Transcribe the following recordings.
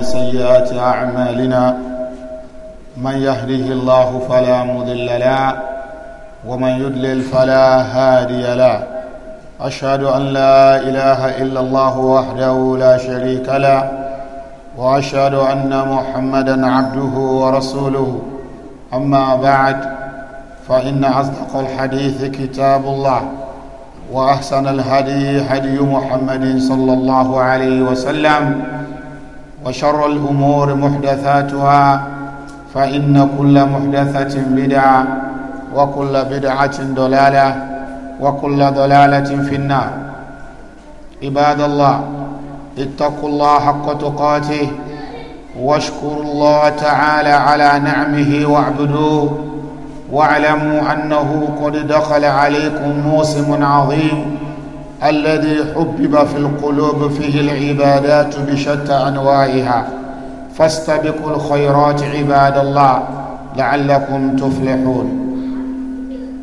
من سيئات أعمالنا من يهده الله فلا مضل له ومن يدلل فلا هادي له أشهد أن لا إله إلا الله وحده لا شريك له وأشهد أن محمدا عبده ورسوله أما بعد فإن أصدق الحديث كتاب الله وأحسن الهدي هدي محمد صلى الله عليه وسلم وشر الأمور محدثاتها فإن كل محدثة بدعة وكل بدعة ضلالة وكل ضلالة في النار عباد الله اتقوا الله حق تقاته واشكروا الله تعالى على نعمه واعبدوه واعلموا أنه قد دخل عليكم موسم عظيم الذي حبب في القلوب فيه العبادات بشتى أنواعها فاستبقوا الخيرات عباد الله لعلكم تفلحون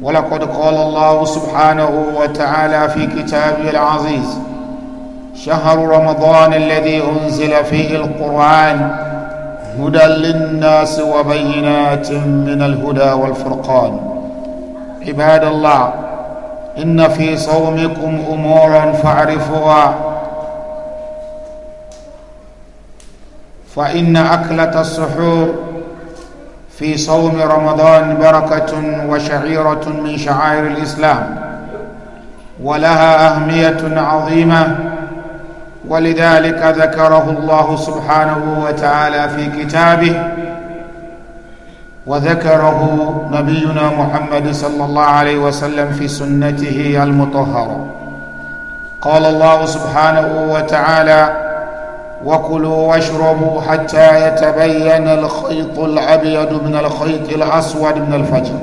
ولقد قال الله سبحانه وتعالى في كتابه العزيز شهر رمضان الذي أنزل فيه القرآن هدى للناس وبينات من الهدى والفرقان عباد الله إن في صومكم أمورا فاعرفوها فإن أكلة السحور في صوم رمضان بركة وشعيرة من شعائر الإسلام ولها أهمية عظيمة ولذلك ذكره الله سبحانه وتعالى في كتابه وذكره نبينا محمد صلى الله عليه وسلم في سنته المطهره قال الله سبحانه وتعالى وكلوا واشربوا حتى يتبين الخيط الابيض من الخيط الاسود من الفجر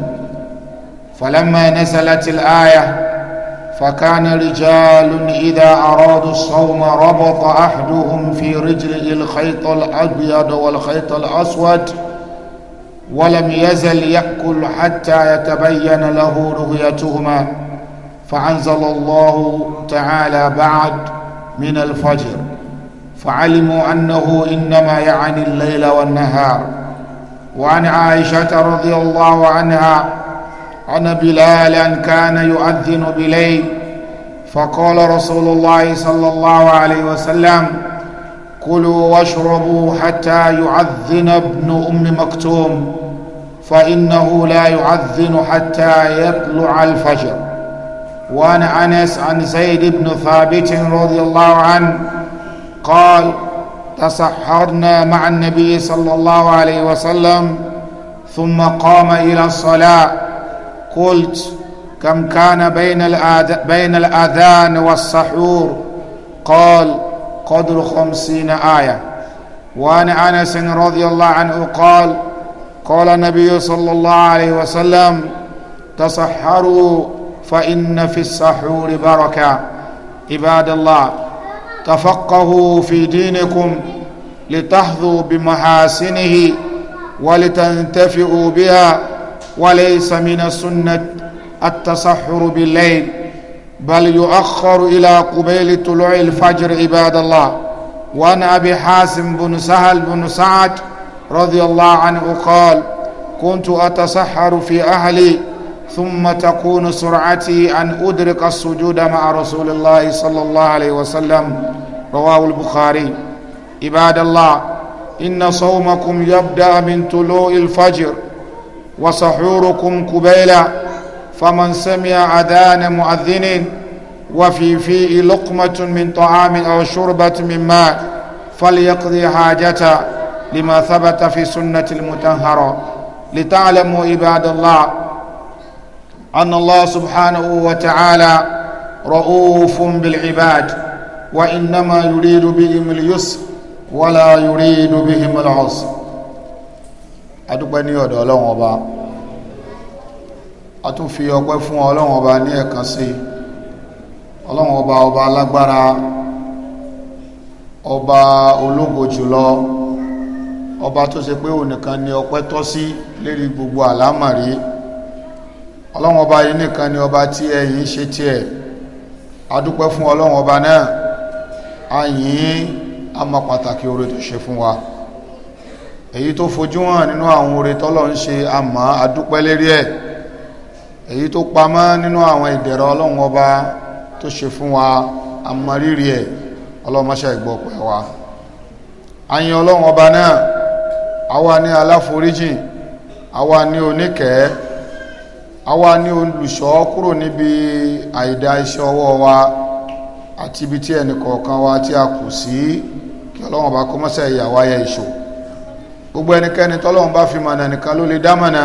فلما نزلت الايه فكان رجال اذا ارادوا الصوم ربط احدهم في رجله الخيط الابيض والخيط الاسود ولم يزل يأكل حتى يتبين له رغيتهما، فأنزل الله تعالى بعد من الفجر فعلموا أنه إنما يعني الليل والنهار وعن عائشة رضي الله عنها عن بلال أن كان يؤذن بليل فقال رسول الله صلى الله عليه وسلم كلوا واشربوا حتى يعذن ابن ام مكتوم فانه لا يعذن حتى يطلع الفجر وعن انس عن زيد بن ثابت رضي الله عنه قال تسحرنا مع النبي صلى الله عليه وسلم ثم قام الى الصلاه قلت كم كان بين بين الاذان والسحور قال قدر خمسين آية وعن أنس رضي الله عنه قال قال النبي صلى الله عليه وسلم تصحروا فإن في السحور بركة عباد الله تفقهوا في دينكم لتحظوا بمحاسنه ولتنتفعوا بها وليس من السنة التصحر بالليل بل يؤخر إلى قبيل طلوع الفجر عباد الله وعن أبي حاسم بن سهل بن سعد رضي الله عنه قال كنت أتسحر في أهلي ثم تكون سرعتي أن أدرك السجود مع رسول الله صلى الله عليه وسلم رواه البخاري عباد الله إن صومكم يبدأ من طلوع الفجر وسحوركم قبيلًا فمن سمع عدان مؤذن وفي فيه لقمة من طعام أو شربة من ماء فليقضي حاجته لما ثبت في سنة المتهرة لتعلموا عباد الله أن الله سبحانه وتعالى رؤوف بالعباد وإنما يريد بهم اليسر ولا يريد بهم العسر أدبني ودولهم وبعض a tún fi ọpẹ́ fún ọlọ́run ọba ní ẹ̀kan sí ọlọ́run ọba ọba alágbára ọba ológo jùlọ ọba tó ṣe pé ònìkan ni ọpẹ́ tọ́ sí lérí gbogbo àlámàrí ọlọ́run ọba yìí nìkan ni ọba tí ẹ̀yìn ṣe tiẹ̀ a dúpẹ́ fún ọlọ́run ọba náà a yìn a mọ pàtàkì oore tó ṣe fún wa èyí tó fojú hàn nínú àwọn oore tọ́lọ́ ń ṣe àmọ́ a dúpẹ́ lérí ẹ̀ èyí tó pamọ́ nínú àwọn ìdẹ̀rọ ọlọ́run ọba tó ṣe fún wa àmọ́rírì ẹ̀ ọlọ́mọṣẹ́ ìgbọ̀pẹ̀ wa ayin ọlọ́run ọba náà àwa ní aláforíjìn àwa ní oníkẹ́ àwa ní olùṣọ́ kúrò níbi àìdá iṣẹ́ ọwọ́ wa àti ibi tí ẹnìkọ̀ọ̀kan wa tí a kù sí kí ọlọ́run ọba kọ́mọ́ṣẹ́ ìyàwó ayẹ ìṣò gbogbo ẹnikẹ́ni tọ́lọ́run bá fi mọ̀nà nìkan ló lè dámọ̀nà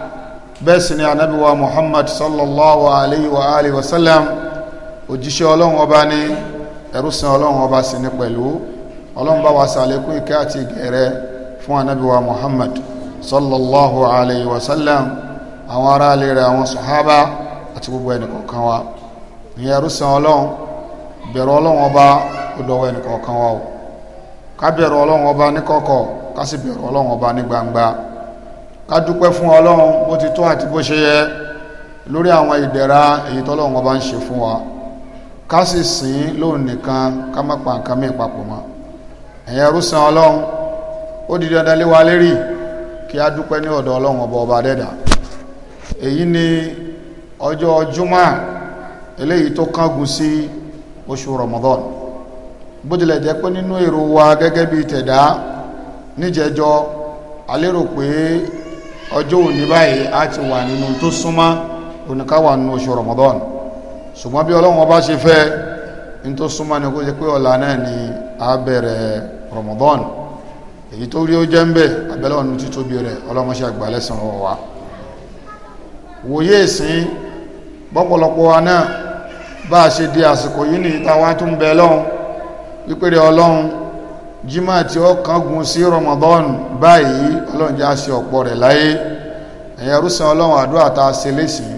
bẹ́ẹ̀ sì ni anabi wa muhammad sallallahu alayhi wa alihi wa sallam òjíṣẹ́ ọlọ́run ọba ní ẹrúsìn ọlọ́run ọba sì ni pẹ̀lú ọlọ́run bá wa sàlékún ìkẹ́ àti ìgẹ̀rẹ́ fún anabi wa muhammad sallallahu alayhi wa sallam àwọn ará ilé rẹ̀ àwọn sàhábà àti gbogbo ẹnìkọ̀ọ̀kan wa ní ẹrúsìn ọlọ́run bẹ̀rù ọlọ́run ọba ó dọ̀wọ́ ẹnìkọ̀ọ̀kan wa o ká bẹ̀rù ọlọ́run ọba níkọ̀kọ̀ ká sì bẹ̀rù ọlọ́run ọba ní gbangba ká dúpẹ́ fún ọlọ́run bó ti tó àti bó ṣe yẹ lórí àwọn ìdẹ̀ra èyí tọ́lọ́run ọba ń ṣe fún wa ká sì sìn lóun nìkan ká má pa nǹkan míì papọ̀ mọ́ ẹ̀yẹ rúsan ọlọ́run ó di dandan lé wa lérí kí a dúpẹ́ ní ọ̀dọ̀ ọlọ́run ọba ọba dẹ́dà èyí ni ọjọ́ jumá eléyìí tó kángun sí oṣù Ramadan bó tilẹ̀ jẹ́ pé nínú èrò wa gẹ́gẹ́ bíi tẹ̀dá níjẹjọ́ a pé ọjọ́ òní báyìí a ti wà nínú tó súnmọ́ oníkáwà nínú oṣù Ramadan ṣùgbọ́n bí Ọlọ́run bá ṣe fẹ́ ní tó súnmọ́ ni kó ṣe pé ọ̀la náà ni a bẹ̀rẹ̀ Ramadan èyí tó rí ó jẹ́ ń bẹ̀ abẹ́lẹ́ ọ̀nà títóbi rẹ̀ ọlọ́mọṣẹ́ àgbà lẹ́sìn ọ̀wọ̀ wa wòye ìsìn bọ́pọ̀lọpọ̀ wa náà bá a ṣe di àsìkò yìí ní ìta tún bẹ lọ́hùn wípé Ọlọ́run jimá tí ó kángun sí Ramadan báyìí ọlọ́run já sí ọ̀pọ̀ rẹ̀ láyé ẹ̀yẹ rúsan ọlọ́run àdúrà ta ṣe lẹ́sìn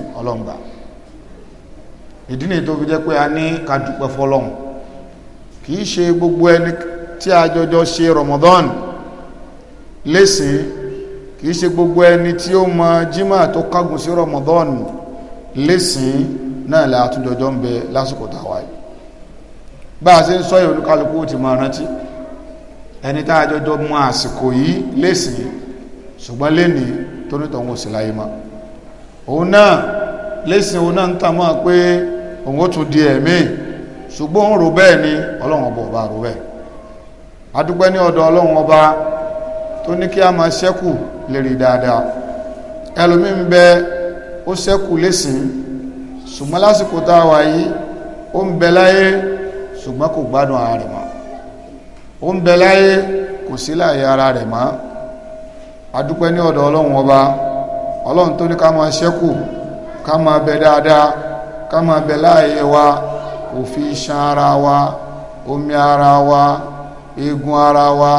ìdí ni tó fi jẹ́ pé a ní ká dúpẹ́ fọlọ́run kì í ṣe gbogbo ẹni tí a jọjọ ṣe Ramadan kì í ṣe gbogbo ẹni tí ó mọ jimá tó sí Ramadan náà la tún jọjọ ń bẹ lásìkò ẹni tá a jọjọ mú àsìkò yìí lẹ́sìn ṣùgbọ́n lẹ́ni tó ní tọ̀hún òsì láyé mọ́ òun náà lẹ́sìn òun náà ń tà pé òun tún di ẹ̀mí ṣùgbọ́n òun rò ni ọlọ́run ọba ọba rò bẹ́ẹ̀ ní ọ̀dọ̀ ọlọ́run ọba tó ní kí a máa ṣẹ́kù ó ń bẹ láyé kò sí láàyè ara rẹ̀ mọ́ adúpẹ́ ní ọ̀dọ̀ ọlọ́run ọba ọlọ́run tó ní ká máa ṣẹ́kù ká máa bẹ dáadáa ká máa bẹ láàyè wa kò fi ṣan ara wa omi ara wa eegun ara wa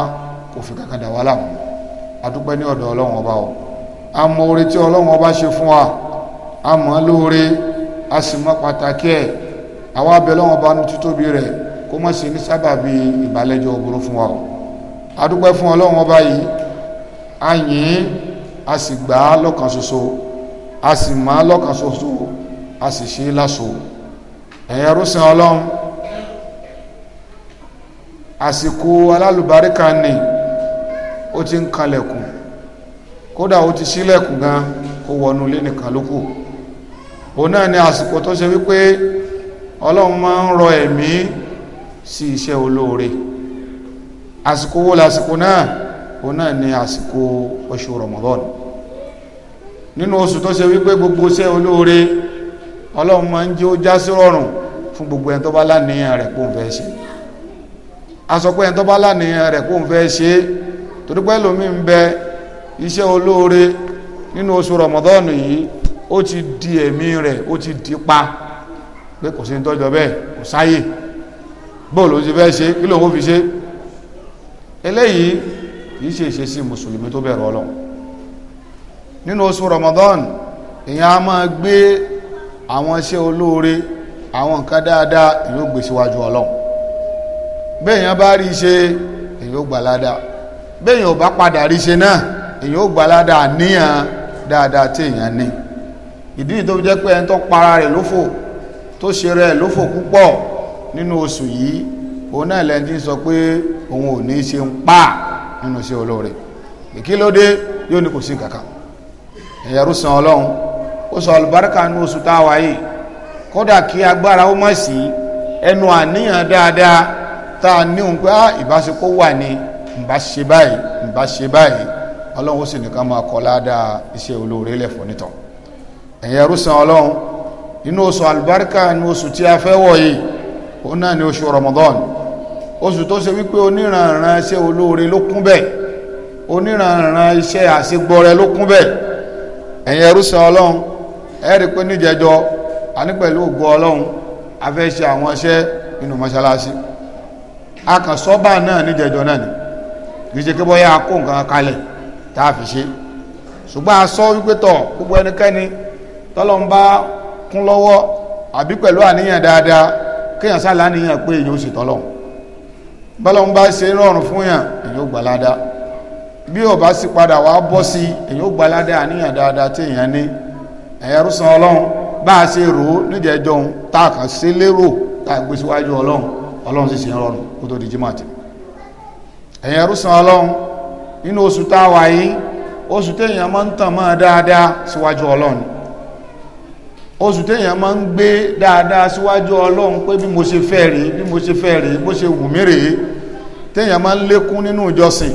kò fi kankan dà wá láàmú adúpẹ́ ní ọ̀dọ̀ ọlọ́run ọba o àmọ́ oore tí ọlọ́run ọba ṣe fún wa àmọ́ lóore a sì mọ pàtàkì ẹ̀ àwa abẹ lọ́wọ́n ọba ní títóbi rẹ̀ kó mọ̀ sí ní sábàbí ìbálẹ́jọ́ ogoro fún wa a dúpẹ́ fún ọlọ́run ọba yìí a yìn ín a sì gbà á lọ́kàn ṣoṣo a sì mọ̀ á lọ́kàn ṣoṣo a sì ṣe é láṣo ẹ̀yin arúsìn ọlọ́run àsìkò alálùbáríkà ni ó ti ń kanlẹ̀kùn kódà ó ti sílẹ̀kùn gan kó wọnú ilé nìkan ló kù òun náà ni àsìkò tó ṣe wípé ọlọ́run máa ń rọ ẹ̀mí sí iṣẹ́ olóore àsìkò wo lásìkò náà o náà ni àsìkò oṣù Ramadan nínú oṣù tó ṣe wípé gbogbo iṣẹ́ olóore ọlọ́run máa ń jẹ́ ó já sí rọrùn fún gbogbo ẹni tó bá láníyàn rẹ̀ kóun fẹ́ ṣe a ẹni tó bá láníyàn rẹ̀ kóun fẹ́ ṣe torí pé lómi ń bẹ iṣẹ́ olóore nínú oṣù Ramadan yìí ó ti di ẹ̀mí rẹ̀ ó ti di pa pé kò sí ní tọ́jọ́ bẹ́ẹ̀ kò sáyè bóòlù ṣe fẹ́ ṣe kí lóun fi ṣe eléyìí kìí ṣe ṣe sí mùsùlùmí tó bẹ̀rù ọlọ́run nínú oṣù Ramadan èèyàn a máa gbé àwọn iṣẹ́ olóore àwọn nǹkan dáadáa èèyàn ó gbé síwájú ọlọ́run béèyàn bá rí ṣe èèyàn ó gbàládà béèyàn ò bá padà rí ṣe náà èèyàn ó gbàládà níyàn dáadáa tí èèyàn ní ìdí tó jẹ́ pé ẹni tó para rẹ̀ lófò tó ṣe rẹ̀ lófò púpọ̀ nínú oṣù yìí òun náà lẹ́ni tí ń sọ pé òun ò ní ṣe ń pa nínú iṣẹ́ olóore kí ló dé yóò ní kò sí kankan ẹ̀yẹ̀rú san ọlọ́run ó sọ àlùbáríkà nínú oṣù tá a wà yìí kódà kí agbára ó mọ̀ sí ẹnu àníyàn dáadáa tá a ní òun pé á ah, ìbáṣepọ̀ wà ní ìbá báyìí ìbá báyìí ọlọ́run ó sì nìkan máa kọ́ ládàá iṣẹ́ olóore lẹ́fọ̀ nítàn ẹ̀yẹ̀rú san ọlọ́run nínú oṣù àlùbáríkà nínú oṣù tí a fẹ́ wọ̀ yìí òun náà ni oṣù Ramadan oṣù tó ṣe wípé oníranran iṣẹ́ olóore ló kún bẹ́ẹ̀ oníranran iṣẹ́ àṣegbọrẹ ló kún bẹ́ẹ̀ ẹ̀yin ẹrúsàn Ọlọ́run ẹ rí i pé níjẹjọ àní pẹ̀lú ògo Ọlọ́run a fẹ́ ṣe àwọn iṣẹ́ nínú mọ́ṣáláṣí akànsọ́bà náà níjẹjọ náà ni kì í ṣe kí bọ́yá a kó nǹkan kalẹ̀ tá a fi ṣe ṣùgbọ́n a sọ wípé tọ̀ gbogbo ẹnikẹ́ni tọ́lọ́ kún lọ́wọ́ àbí pẹ̀lú àníyàn dáadáa kéèyàn sálà níyàn pé èyàn ó sì tọ́lọ̀ bọ́lọ́n bá ṣe rọrùn fún yàn èyàn ó gbalada bí ò bá sì padà wá bọ́ sí èyàn ó gbalada àníyàn dáadáa tí èyàn ní ẹ̀yà rúsan ọlọ́run bá a ṣe rò ó níjẹ̀ẹ́jọ́ ohun tá a kàn ṣe lérò tá gbé síwájú ọlọ́run ọlọ́run sì ṣe rọrùn kó tó di jímọ̀tì ẹ̀yà rúsan ọlọ́run nínú oṣù táwa yìí oṣù téèyàn máa ń tàn máa dáadáa síwájú ọlọ́run oṣù téèyàn máa ń gbé dáadáa síwájú ọlọ́run pé bí mo ṣe fẹ́ rèé bí mo ṣe fẹ́ rèé bó ṣe wù mí rèé téèyàn máa ń lékún nínú ìjọsìn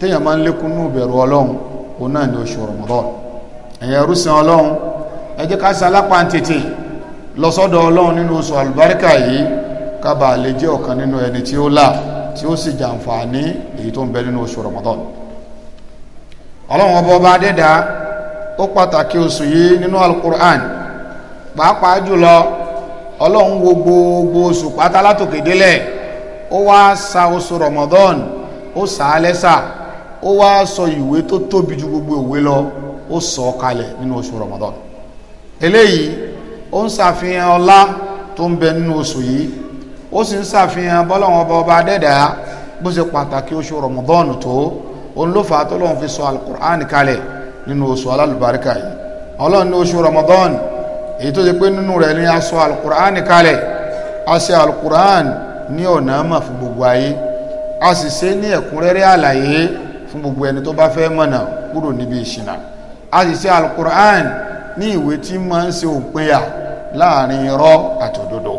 téèyàn máa ń lékún nínú ìbẹ̀rù ọlọ́run òun náà ni oṣù Ramadan ẹ̀yẹ rúṣin ọlọ́run ẹ jẹ́ ká ṣe alápàǹtètè lọ sọ́dọ̀ ọlọ́run nínú oṣù àlùbáríkà yìí ká bà lè jẹ́ ọ̀kan nínú ẹni tí ó là tí ó sì jàǹfààní èyí tó ń bẹ nínú oṣù Ramadan ọlọ́run ọba ọba adẹ́dàá ó pàtàkì oṣù yìí nínú alukur'an pàápàá jùlọ ọlọ́run wo gbogbo oṣù pátá látòkè délẹ̀ ó wá sa oṣù Ramadan ó sà á lẹ́sà ó wá sọ ìwé tó tóbi ju gbogbo ìwé lọ ó sọ kalẹ̀ nínú oṣù Ramadan eléyìí ó ń ṣàfihàn ọlá tó ń bẹ nínú oṣù yìí ó sì ń ṣàfihàn bọ́lọ́wọ́n ọba ọba bó ṣe pàtàkì oṣù Ramadan tó òun ló fà á tó lóun fi sọ alukur'an kalẹ̀ nínú oṣù alálùbáríkà yìí ọlọ́run ní oṣù Ramadan èyí tó ṣe pé nínú rẹ̀ ni a sọ alukur'an kalẹ̀ a ṣe alukur'an ní ọ̀nà àmà fún gbogbo ayé a sì se ní ẹ̀kúnrẹ́rẹ́ àlàyé fún gbogbo ẹni tó bá fẹ́ mọ̀nà kúrò níbi ìṣìnà a sì ṣe alukur'an ní ìwé tí máa ń ṣe òpinya láàrin irọ́ àti òdodo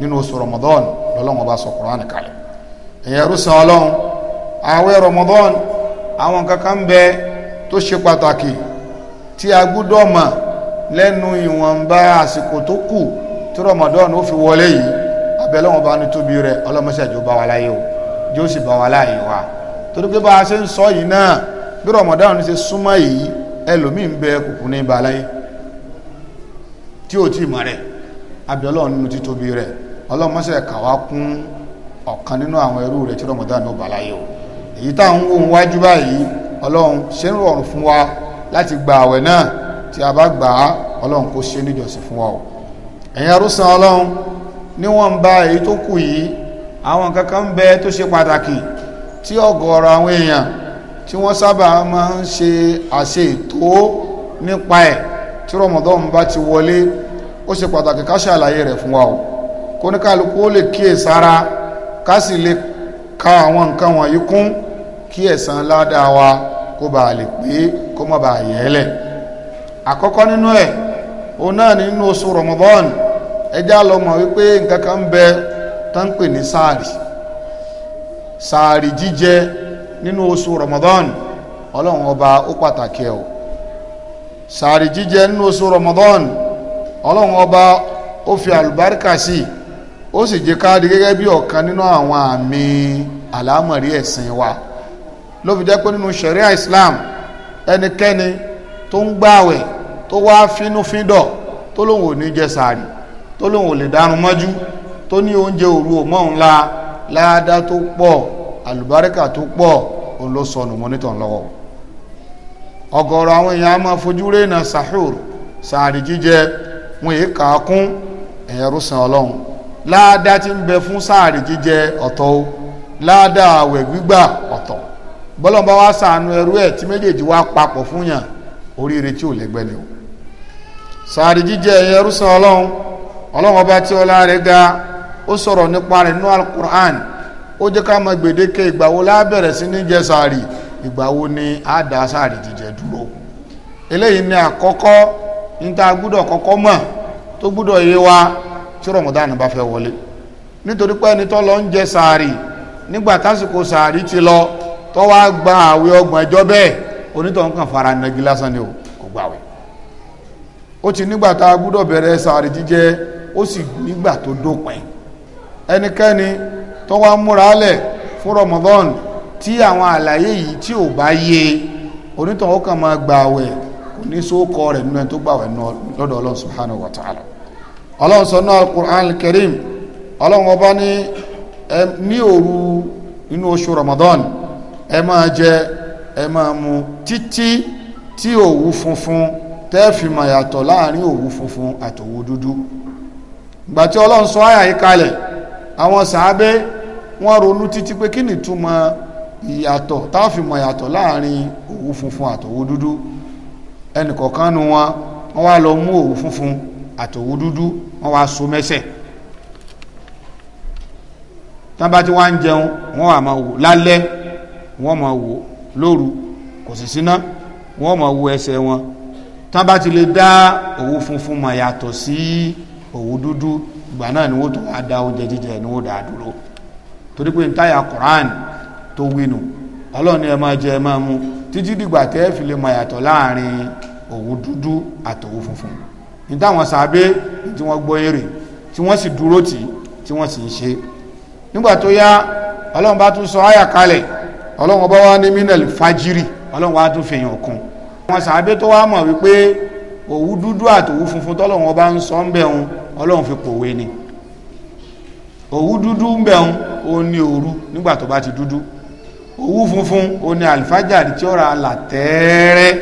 nínú oṣù Ramadan lọ́lọ́wọ́n bá sọ kur'an kalẹ̀ ọlọ́run Ramadan lẹ́nu ìwọ̀nba àsìkò tó kù tí rọmọdọ́nù ó fi wọlé yìí abẹ́lẹ́wọ̀n bá ní tóbi rẹ̀ ọlọ́mọṣẹ́jọ bá wa láyé o yóò sì bá wa láàyè wa torí pé bá a ṣe ń sọ yìí náà bí rọmọdọ́nù ṣe súnmọ́ yìí ẹlòmíì ń bẹ kùkù ní ibà láyé tí ò tí ì mọ̀ rẹ̀ abẹ́lẹ́wọ̀n nínú títóbi rẹ̀ ọlọ́mọṣẹ́ kà kún ọ̀kan nínú àwọn ẹrú rẹ̀ tí rọmọdọ́nù ó láyé o tí a bá gbà á ọlọ́run kó ṣe níjọsìn fún wa o ẹ̀yin arúsàn ọlọ́run níwọ̀n bá èyí tó kù yìí àwọn kankan ń bẹ tó ṣe pàtàkì tí ọ̀gọ̀ọ̀rọ̀ àwọn èèyàn tí wọ́n sábà máa ń ṣe àṣe ètò nípa ẹ̀ tí rọmọdọ́n bá ti wọlé ó ṣe pàtàkì ká ṣàlàyé rẹ̀ fún wa o kóníkàlùkù ó lè kíyè sára ká sì lè ka àwọn nǹkan wọ̀nyí kún kí ẹ̀san ládàá wa kó bàa lè pé kó má bàa yẹ̀ ẹ́ lẹ̀ àkọ́kọ́ nínú ẹ̀ o náà nínú oṣù Ramadan ẹjá lọ wípé nǹkan kan bẹ tó pè ní sáàrì sáàrì jíjẹ Ramadan ọlọ́run ọba ó pàtàkì ẹ̀ o sáàrì jíjẹ nínú oṣù Ramadan ọlọ́run ọba ó fi àlùbáríkà sí i ó sì jẹ́ káàdì gẹ́gẹ́ bí ọ̀kan nínú àwọn àmì àlámọ̀rí wa ló fi jẹ́ pé nínú ṣẹ̀ríà Islam ẹnikẹ́ni tó ń gbààwẹ̀ tó wá fínúfíndọ̀ tó lóun ò ní jẹ sàárì tó lóun ò lè dárun mọ́jú tó ní oúnjẹ òru ò mọ́hun la láàdá tó pọ̀ àlùbáríkà tó pọ̀ òun ló sọnù mọ́ nítàn lọ́wọ́ àwọn èèyàn máa fojú rénà sahur sàárì jíjẹ wọn kà á kún ẹ̀yẹrú san ọlọ́run láàdá tí ń bẹ fún sàárì jíjẹ ọ̀tọ̀ o láàdá àwẹ̀ gbígbà ọ̀tọ̀ oríire tí ó lè ni o sàárì jíjẹ ọlọ́run ọlọ́run ọba tí ọlá ga ó sọ̀rọ̀ nípa rẹ̀ nínú alukur'an ó jẹ́ ká mọ gbèdéke ìgbàwó wo sí ní jẹ ìgbàwó ni dá jíjẹ dúró gbúdọ̀ kọ́kọ́ tó gbúdọ̀ yé wa tí wọlé nítorí pé ẹni tó lọ ń jẹ nígbà onítọ̀hún kan fara nagi lásán ni o kò gbàwẹ̀ ó ti nígbà gbúdọ̀ bẹ̀rẹ̀ sàárì jíjẹ ó sì nígbà tó dópin ẹnikẹ́ni tó wá fún Ramadan tí àwọn àlàyé yìí tí ò bá yé onítọ̀hún kan máa gbàwẹ̀ kò ní sókọ rẹ̀ nínú ẹni tó lọ́dọ̀ Ọlọ́run subhanahu wa ta'ala Ọlọ́run sọ náà quran Ọlọ́run ọba ní ní òru inú oṣù ẹ máa mu títí tí òwú funfun tẹ́ẹ̀fì mọ̀ yàtọ̀ láàrin òwú funfun àtòwú dúdú ìgbà tí ọlọ́run sọ àyà yìí kalẹ̀ àwọn sàábé wọ́n ronú títí pé kí ni túmọ̀ ìyàtọ̀ táàfì mọ̀ yàtọ̀ láàrin òwú funfun àtòwú dúdú ẹnìkọ̀ọ̀kan nu wọn wọ́n wá lọ mú òwú funfun àtòwú dúdú wọ́n wá so mẹ́sẹ̀ tán bá ti wá ń jẹun wọ́n wà máa wò lálẹ́ wọ́n máa wò lóru kò sì síná wọ́n máa wo ẹsẹ̀ wọn tán bá ti lè dá òwú funfun mọ̀ yàtọ̀ sí òwú dúdú ìgbà náà ni wọ́n tó wá da oúnjẹ jíjẹ ni wọ́n dà dúró torí pé ntáyà Quran tó winu ọlọ́run ẹ máa jẹ ẹ máa mu títí dìgbà tẹ́ fi lè mọ̀ yàtọ̀ láàrin òwú dúdú àtòwú funfun ní táwọn sàbẹ̀ tí wọ́n gbọ́ èrè tí wọ́n sì dúró tì tí wọ́n sì ń ṣe nígbà tó yá ọlọ́run bá tún sọ àyà kalẹ̀ ọlọ́run ọba wa ní minel fajiri ọlọ́run wa tún fèèyàn kún wọn sàbẹ tó wá mọ̀ wípé òwú dúdú àtòwú funfun tọ́lọ́run ọba ń sọ ń bẹ̀ ń ọlọ́run fi pòwe ni òwú dúdú ń bẹ̀ ń ó ní òru nígbà tó bá ti dúdú òwú funfun ó ní àlìfájàrí tí ó ra là tẹ́ẹ́rẹ́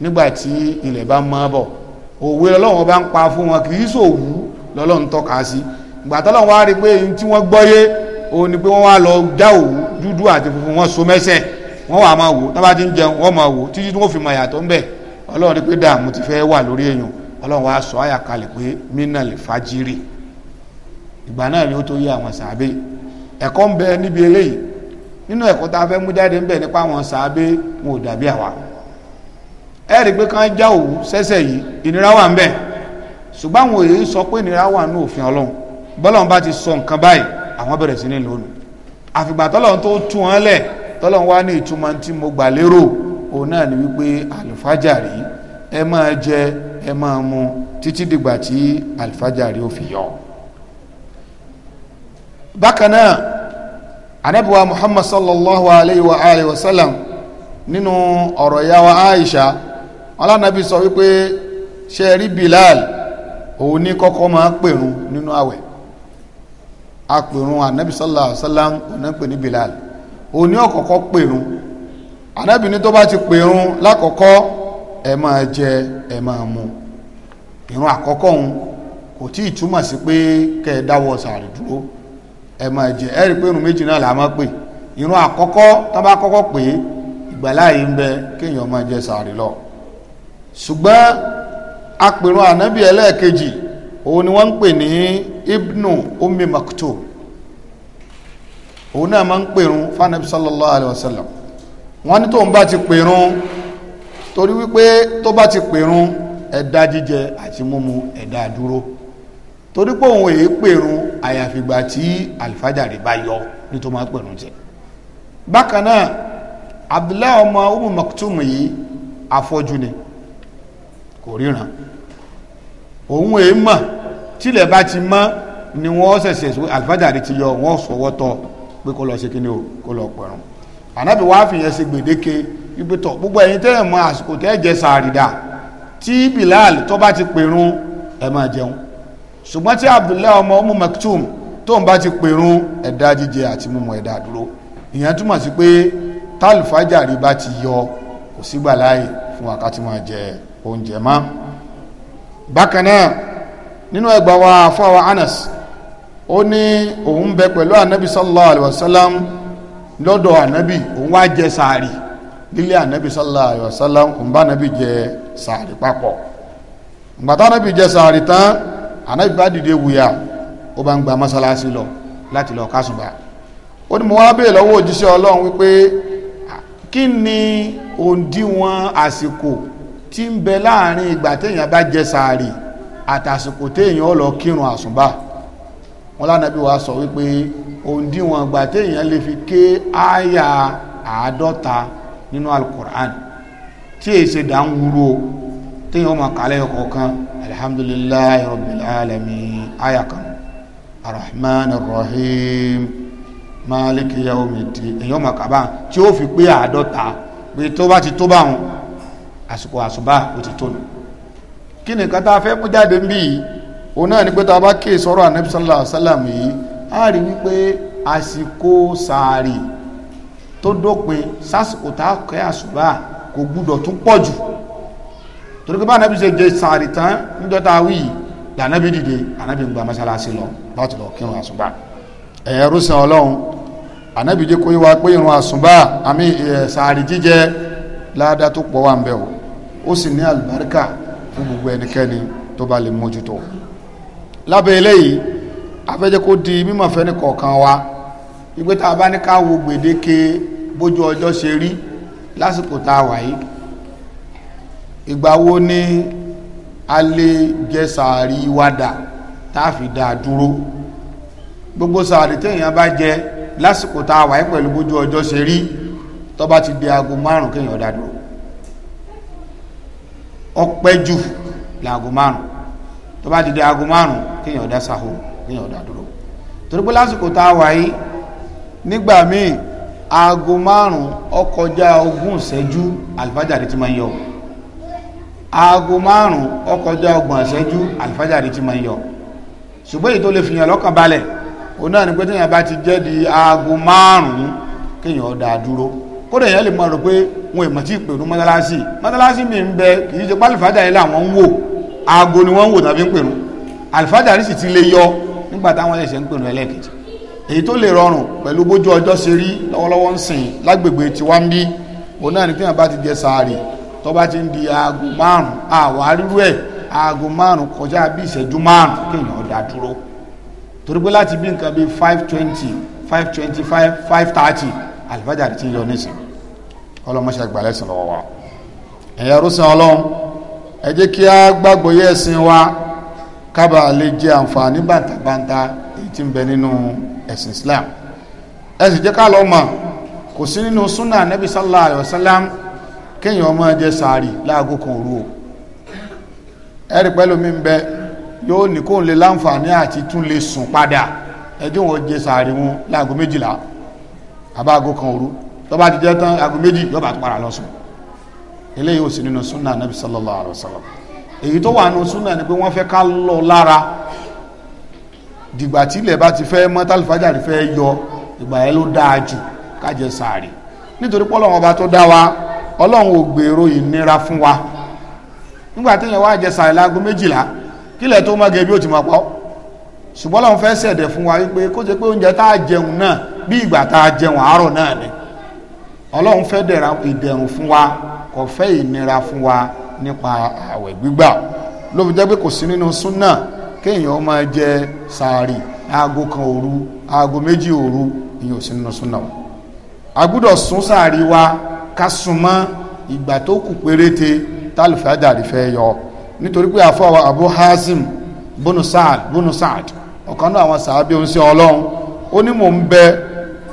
nígbà tí ilẹ̀ bá mọ́ bọ̀ òwe ọlọ́run ọba ń pa fún wọn kì sòwú lọ́lọ́run tọ́ka sí ìgbà tọ́lọ́run wá rí pé tí wọ́n gbọ́yé ó ní pé wọ́n wá lọ já òwú dúdú àti funfun wọn so mẹ́sẹ̀ wọn wà máa wò tábà ti ń jẹun wọn máa wò títí tí wọn fi máa yàtọ̀ ń bẹ̀ ọlọ́run ní pé dààmú ti fẹ́ wà lórí èèyàn ọlọ́run wàá sọ àyà kalẹ̀ pé mínà lè fajiri ìgbà náà ni ó tó yé àwọn sàábé ẹ̀kọ́ ń bẹ níbi eléyìí nínú ẹ̀kọ́ tá a fẹ́ mú jáde ń bẹ nípa àwọn sàábé wọn ò dàbí àwa ẹ rí i pé kán já òwú sẹ́sẹ̀ yìí ìnira wà ń bẹ ṣùgbọ́n àwọn èyí sọ pé ìnira wà ní òfin ọlọ́run bọ́lọ́run bá ti sọ nǹkan báyìí àwọn bẹ̀rẹ̀ sí ní lónìí àfìgbà tọ́lọ́run tó tú wọn lẹ̀ tọ́lọ́run wá ní ìtumọ̀ tí mo gbà lérò òun náà ni wípé àlùfájàrí ẹ máa jẹ ẹ máa mu títí dìgbà tí àlùfájàrí ò fi yọ. bákan náà anabiwa muhammad sallallahu alayhi wa alayhi wa sallam nínú ọ̀rọ̀ ìyá wa aisha ọlànàbí sọ wípé ṣe rí bilal òun ní kọ́kọ́ máa pèrun nínú àwẹ̀ apèrún anabi sallallahu alayhi wa sallam ọ̀nà pè bilal òní ọ̀kọ̀kọ́ pèrún anabi ní tó bá ti pèrún lákọ̀ọ́kọ́ ẹ máa jẹ ẹ máa mu ìrun àkọ́kọ́ òun kò tí ì túmọ̀ sí pé kẹ́ ẹ dáwọ́ sàárì dúró ẹ máa jẹ ẹ rí i pé irun méjì náà là á máa pè ìrun àkọ́kọ́ tó bá kọ́kọ́ pè é ìgbàláyé ń bẹ kéèyàn máa jẹ sàárì lọ ṣùgbọ́n apèrún anabi ẹlẹ́ẹ̀kejì òun ni wọ́n ń pè ní ibnu ummi maktub òun náà máa ń pèrún fánàbí sallallahu alaihi wasallam wọ́n ní tóun bá ti pèrún torí wípé tó bá ti pèrún ẹ̀dá jíjẹ àti múmu ẹ̀dá dúró torí pé òun èé pèrún àyàfìgbà tí alifájàre bá yọ ní tó máa pèrún jẹ bákan náà abdullahi ọmọ umu maktum yìí afọ́jú ni kò ríran òun èé mọ̀ tílẹ̀ bá ti mọ́ ni wọ́n ṣẹ̀ṣẹ̀ sọ àlùfájàre ti yọ wọ́n sọ̀wọ́ tọ́ pé kó lọ ṣe kí ni o kó lọ pẹ̀rùn ànábì wàá fìyẹn ṣe gbèdéke ibi tọ̀ gbogbo ẹ̀yin tẹ́ ẹ̀ mọ àsìkò tẹ́ ẹ̀ jẹ sàrìdà tí Bilal tó bá ti pèrún ẹ̀ máa jẹun ṣùgbọ́n tí Abdullahi ọmọ ọmọ Maktum tó ń bá ti pèrún ẹ̀dá jíjẹ àti mímu ẹ̀dá dúró ìyẹn túmọ̀ sí pé tálùfájàre bá ti yọ kò sígbà láàyè fún wákàtí máa jẹ oúnjẹ máa bákan náà nínú ẹgbà wa fáwọn anas ó ní òun bẹ pẹ̀lú anabi sallallahu alayhi wa sallam lọ́dọ̀ anabi òun wá jẹ sàárì lílé anabi sallallahu alayhi wa sallam òun bá anabi jẹ sàárì papọ̀ gbàtà anabi jẹ sàárì tán anabi bá dìde wuya ó bá ń gba mọ́sálásí lọ láti lọ kásùnbà ó ní mo wá bèèrè lọ́wọ́ òjíṣẹ́ ọlọ́run wípé kí ni òǹdíwọ̀n àsìkò tí ń bẹ láàrin ìgbà téèyàn bá jẹ sàárì àtàsìkò téèyàn ó lọ kírun àsùnbà wọn lánàbí wa sọ wípé òǹdíwọ̀n ìgbà téèyàn lè fi ké àyà àádọ́ta nínú alukur'an tí èyí ṣe dá ń wúro téèyàn ó máa kálẹ̀ ọkọ̀ọ̀kan alhamdulillahi rabbil àyà kan arrahman arrahim maliki yawmiddin èyàn ó máa kà báyìí tí ó fi pé àádọ́ta pé tó bá ti tó báwọn àsìkò àsùbá ó ti tó nù kí ni nǹkan tá a fẹ́ mú jáde ń bí yìí òun náà ni pé tá a bá kí sọ̀rọ̀ anabi sallallahu alayhi wa sallam yìí á rí wípé àsìkò sàárì tó dópin sásìkò tá a kẹ́ àsùbá kò gbúdọ̀ tún pọ̀ jù torí pé bá anabi ṣe jẹ sàárì tán níjọ́ tá wí lànàbí dìde anabi ń gba mọ́ṣáláṣí lọ láti lọ kírun àsùbá ẹ̀yẹ́rú sàn ọlọ́run anabi jẹ́ kó yẹ wá pé irun àsùbá àmì sàárì jíjẹ láàdá tó pọ̀ wà ń bẹ̀ o ó sì ní àlùbáríkà fún gbogbo ẹnikẹ́ni tó bá lè mójútó lábẹ́ eléyìí afẹ́jẹ́ kó di mímọ̀ fẹ́ni kọ̀ọ̀kan wa ìgbé tá a bá ní ká wo gbèdéke bójú ọjọ́ ṣe rí lásìkò tá a wà yìí ìgbà wo ni a lè jẹ sàárì wádà tá a fi dá a dúró gbogbo sàárì téèyàn bá jẹ lásìkò tá a wà yìí pẹ̀lú bójú ọjọ́ ṣe rí tó ti di aago márùn kéèyàn dá dúró ọpẹ́ jù laago márùn tó ti di aago márùn kéèyàn dá sáhó kéèyàn dá dúró torí pé lásìkò tá a wà yìí nígbà míì aago márùn ó kọjá ogún ìṣẹ́jú àlùfájàre ti máa ń yọ aago márùn ó ọgbọ̀n ìṣẹ́jú àlùfájàre ti máa ń yọ ṣùgbọ́n èyí tó lè fìyàn lọ́kàn balẹ̀ òun náà ni pé téèyàn bá ti jẹ́ di aago márùn kéèyàn dá dúró kódà ìyá lè máa rò pé wọn ìmọ̀ tí ì pèrún mọ́tálásì mi ń bẹ kì í ṣe pé àlìfáàdà yìí làwọn ń wò aago ni wọ́n ń wò tàbí ń pèrún yìí sì ti lè yọ nígbà táwọn ẹ̀ṣẹ̀ ń pèrún ẹlẹ́ẹ̀kejì èyí tó lè rọrùn pẹ̀lú bójú ọjọ́ ṣe rí lọ́wọ́lọ́wọ́ ń sìn lágbègbè tiwa ń bí òun náà ti jẹ tó bá ti ń di aago márùn aago márùn kọjá bí ìṣẹ́jú márùn dá dúró torí pé láti bí nǹkan bíi five twenty five twenty five five thirty ọlọ́mọṣẹ́ àgbàlẹ́sìn lọ́wọ́ wa ẹ̀yà rúṣin ọlọ́run ẹ jẹ́ kí a gbàgbọ́ yẹ ẹ̀sìn wa kábà lè jẹ àǹfààní bàǹtàbàǹtà èyí tí ń bẹ nínú ẹ̀sìn Islam ẹ sì jẹ́ ká lọ mọ̀ kò sí nínú súnà nẹ́bí sallallahu alayhi wa sallam kéèyàn máa jẹ sàárì láago kan òru o ẹ̀rì pẹ́lú mi ń bẹ yóò ní kó lè láǹfààní àti tún lè sùn padà ẹjọ́ wọn jẹ sàárì wọn láago méjìlá àbáago kan òru tó bá ti jẹ́ tán aago méjì yóò para lọ eléyìí ò sí nínú súnà nàbì sallallahu alaihi wasallam èyí tó wà nínú súnà ni pé wọ́n fẹ́ ká lọ lára dìgbà tí ilẹ̀ bá ti fẹ́ mọ́ tálífàjàrí fẹ́ yọ ìgbà yẹn ló dáa jù ká sàárì nítorí pé ọlọ́run ọba tó dá wa ọlọ́run ò gbèrò ìnira fún wa nígbà téèyàn wá jẹ sàárì láago méjìlá kílẹ̀ tó mọ́ gẹ̀ẹ́ bí ó ti mọ̀ pọ́ ṣùgbọ́n ọlọ́run fẹ́ ṣẹ̀dẹ̀ fún wa wípé kó ṣe pé oúnjẹ tá a jẹun náà bí ìgbà tá a jẹun àárọ̀ náà ni ọlọ́run fẹ́ dẹ̀ra ìdẹ̀rùn fún wa kò fẹ́ ìnira fún wa nípa ààwẹ̀ gbígbà ló fi jẹ́ pé kò sí nínú súnà kéèyàn máa jẹ sàárì aago kan òru aago méjì òru ìyẹn ò sí nínú súnà o a gbúdọ̀ sún sàárì wa ká sún mọ́ ìgbà tó kù péréte tálùfẹ́ dàrí fẹ́ yọ nítorí pé àfọwọ́ Abu Hazim bónú Sa'ad bónú Sa'ad ọ̀kan náà àwọn sàábí ọlọ́run ó ní mò ń bẹ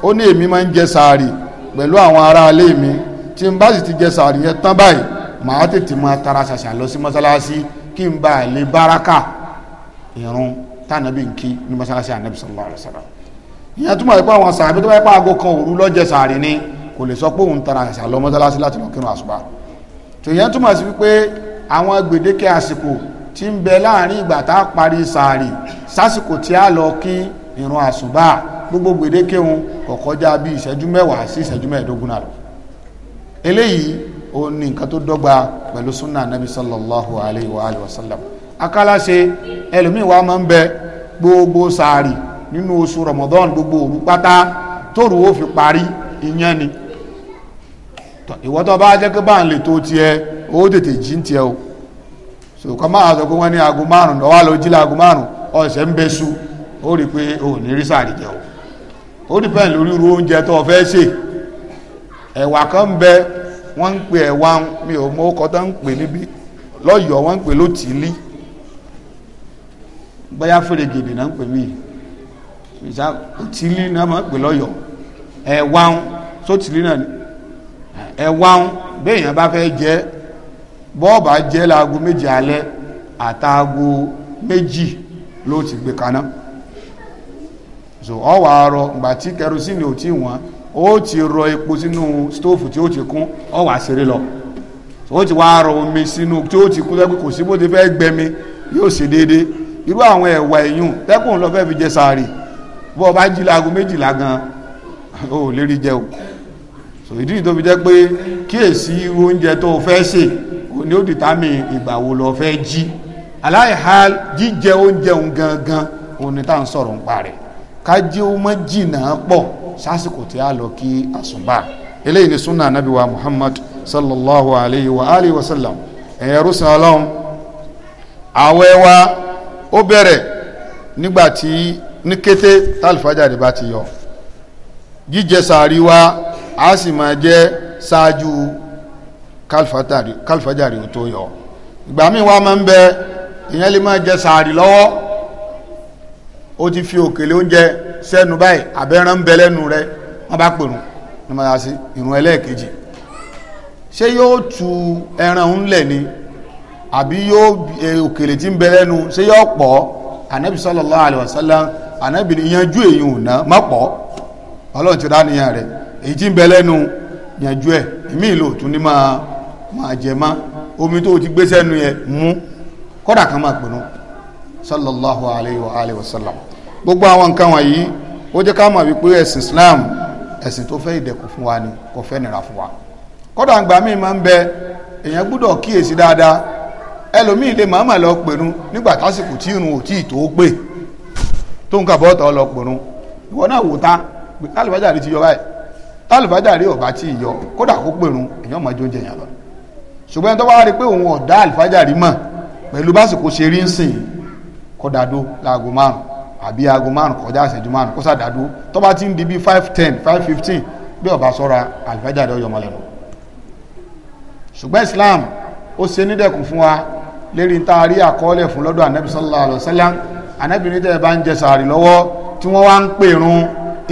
ó ní èmi máa ń jẹ sàárì pẹ̀lú àwọn ará ilé mi tí n bá sì ti jẹ sàárì yẹn tán báyìí màá tètè máa tara ṣàṣà lọ sí mọ́sálásí kí n bá lè báraka ìrun tànàbí nkí ní mọ́sálásí ànábì sallallahu alaihi wasallam ìyẹn túmọ̀ ìpá àwọn sàárì tó bá yẹ pa aago kan òru lọ́jẹ sàárì ni kò lè sọ pé òun tara ṣàṣà lọ mọ́sálásí láti lọ kírun àṣùbà tòyẹn túmọ̀ sí wípé àwọn gbèdéke àsìkò tí ń bẹ láàrin ìgbà tá a parí sàárì sásìkò tí a lọ kí ìrun àṣùbà gbogbo gbèdéke wọn kò kọjá bí ìṣẹ́jú sí ìṣẹ́jú mẹ́ẹ̀ẹ́dógún náà eléyìí ó ní nǹkan tó sunna nabi sallallahu alayhi wa alayhi wa sallam akálàṣe ẹlòmíì wa máa ń gbogbo sàárì nínú oṣù ramadan gbogbo òru pátá tóru fi parí ìyẹn ni ìwọ́n tó bá jẹ́ pé bá ń lè tó o sòkò máa sọ pé ní aago márùn su ó rí i pé ní o ó dìpẹ́ lórí irú oúnjẹ tó o fẹ́ ṣe ẹ̀wà kan bẹ wọ́n ń pè ẹ̀wà mi ò mọ ọkọ̀ tó ń pè níbí lọ́yọ̀ọ́ wọ́n ń pè lótìlí bóyá fèrè gèdè náà ń pè mí ìṣá òtìlí náà máa ń pè lọ́yọ̀ọ́ ẹ̀wà sótìlí náà ẹ̀wà bá fẹ́ jẹ́ bọ́ọ̀bà jẹ́ méje alẹ́ méjì ló ti gbé kaná so ọ wà á rọ ìgbà tí kerosene ò tí wọ́n ó ti rọ epo sínú stóòfù tí ó ti kún ọ wà á ṣeré lọ ó ti wá rọ omi sínú tí ó ti kún lẹ́kùn kò sí bó ti fẹ́ gbẹmí yóò ṣe déédéé irú àwọn ẹ̀wà ẹ̀yùn tẹ́kùn lọ fẹ́ fi jẹ sàárì bó o bá jí laago méjìlá gan o ò lérí jẹ o so ìdí ìtò fi jẹ́ pé kíyèsí oúnjẹ tó o fẹ́ sè o ní ó dìtámì ìgbà wo lọ fẹ́ jí aláìhá jíjẹ oúnjẹ òun gangan òun ni tá à ń sọ̀rọ̀ ń parẹ́ kájí ó mọ́ jìnnà pọ̀ sásìkò tí a lọ kí àsùnbà eléyìí ni sunna anabi wa muhammad sallallahu alayhi wa alihi wa sallam ẹ̀yẹ rúṣin ọlọ́run àwẹ̀ wa ó bẹ̀rẹ̀ nígbà ní kété tálífàjáde bá ti yọ jíjẹ sàárì wa a sì máa jẹ ṣáájú kálífàjáde ó tó yọ ìgbà míì wa máa ń bẹ ìyẹn lè máa jẹ sàárì lọ́wọ́ ó ti fi òkèlè oúnjẹ sẹ́nu báyìí abẹ́rán ń bẹ lẹ́nu rẹ wọ́n bá pèrún ní ma sí ìrún ẹlẹ́ẹ̀kejì ṣé yóò tu ẹran ń lẹ̀ ni àbí yóò e, òkèlè tí ń bẹ lẹ́nu ṣé yóò pọ̀ anabi sallallahu alayhi wa sallam anabi yanjú èyí ò ná má pọ̀ ọlọ́run ti rá nìyàn rẹ̀ èyí tí ń bẹ lẹ́nu yanjú ẹ̀ èmi ìlò òtún ní máa máa jẹ má omi tó ti gbé sẹ́nu yẹn mú kọ́dà kan máa pèrún sallallahu alayhi wa alayhi wa sallam. gbogbo àwọn nǹkan wọ̀nyí ó jẹ́ ká mọ̀ wípé ẹ̀sìn Islam ẹ̀sìn tó fẹ́ ìdẹ̀kùn fún wa ni kò fẹ́ nira fún wa kódà àgbà míì máa ń bẹ èèyàn gbúdọ̀ kíyèsí dáadáa ẹlòmíì lè máa lọ pẹ̀rún nígbà tásìkò tí irun ò tí ì tó gbé tó ń kàbọ̀ ọ̀tọ̀ lọ pẹ̀rún ìwọ náà wò tá ti yọ báyìí yọ kódà kó èèyàn máa jó oúnjẹ yẹn lọ ṣùgbọ́n tó àbí aago márùn kọjá ìṣẹ́jú márùn kó sàdádú tó bá ti ń di bí five ten five fifteen bí ọba sọ́ra àlùfáàjà rẹ̀ yọmọ lẹ́nu ṣùgbọ́n Islam ó ṣe nídẹ̀kùn fún wa lérí ń taari àkọọ́lẹ̀ fún lọ́dọ̀ anabi sallallahu alayhi wa sallam anabi ní tẹ́ ẹ bá ń jẹ sàárì lọ́wọ́ tí wọ́n wá ń pèrun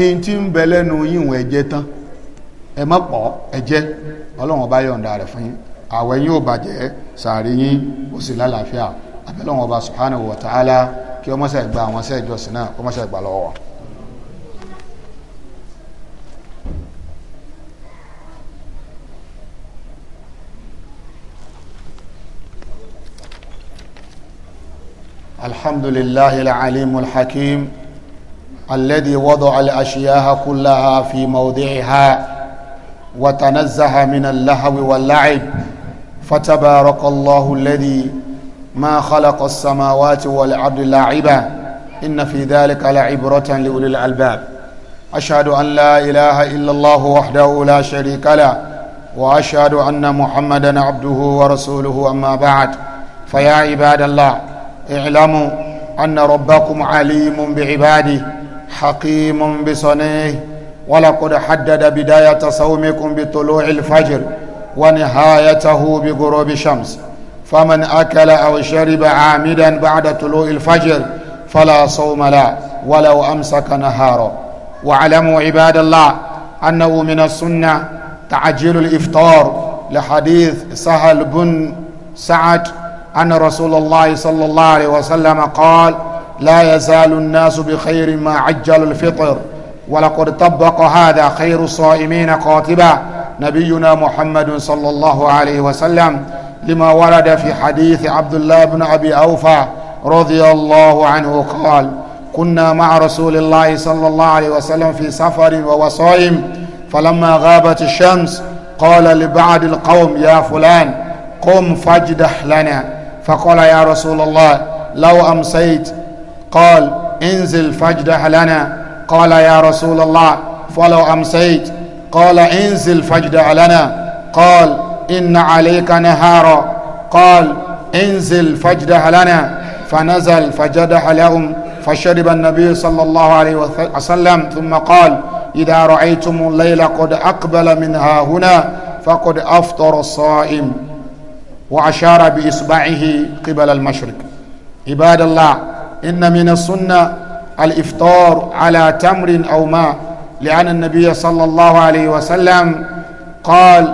ihun tí ń bẹ lẹ́nu yíwọ̀n ẹ̀jẹ̀ tán ẹ má pọ̀ ẹ̀jẹ̀ ọlọ́run ọba yọ̀ǹda rẹ̀ fún yín àwẹ̀ yín ò bàjẹ́ sàárì yín ó sì lálàáfíà àbẹ̀lọ́run ọba subhanahu wa ta'ala kí ọmọ sẹ gba àwọn sẹ ìjọsìn náà ọmọ sẹ gba lọ́wọ́. الحمد لله العليم الحكيم الذي وضع الأشياء كلها في موضعها وتنزه من اللهو واللعب فتبارك الله الذي ما خلق السماوات والأرض لاعبا إن في ذلك لعبرة لأولي الألباب أشهد أن لا إله إلا الله وحده لا شريك له وأشهد أن محمدا عبده ورسوله أما بعد فيا عباد الله اعلموا أن ربكم عليم بعباده حكيم بصنيه ولقد حدد بداية صومكم بطلوع الفجر ونهايته بغروب الشمس فمن أكل أو شرب عامدا بعد طلوع الفجر فلا صوم له ولو أمسك نهاره واعلموا عباد الله أنه من السنة تعجيل الإفطار لحديث سهل بن سعد أن رسول الله صلى الله عليه وسلم قال لا يزال الناس بخير ما عجل الفطر ولقد طبق هذا خير الصائمين قاتبا نبينا محمد صلى الله عليه وسلم لما ورد في حديث عبد الله بن أبي أوفى رضي الله عنه قال كنا مع رسول الله صلى الله عليه وسلم في سفر ووصائم فلما غابت الشمس قال لبعض القوم يا فلان قم فاجدح لنا فقال يا رسول الله لو أمسيت قال انزل فاجدح لنا قال يا رسول الله فلو أمسيت قال انزل فاجدح لنا قال إن عليك نهارا قال انزل فجدها لنا فنزل فجدح لهم فشرب النبي صلى الله عليه وسلم ثم قال إذا رأيتم الليل قد أقبل منها هنا فقد أفطر الصائم وأشار بإصبعه قبل المشرق عباد الله إن من السنة الإفطار على تمر أو ماء لأن النبي صلى الله عليه وسلم قال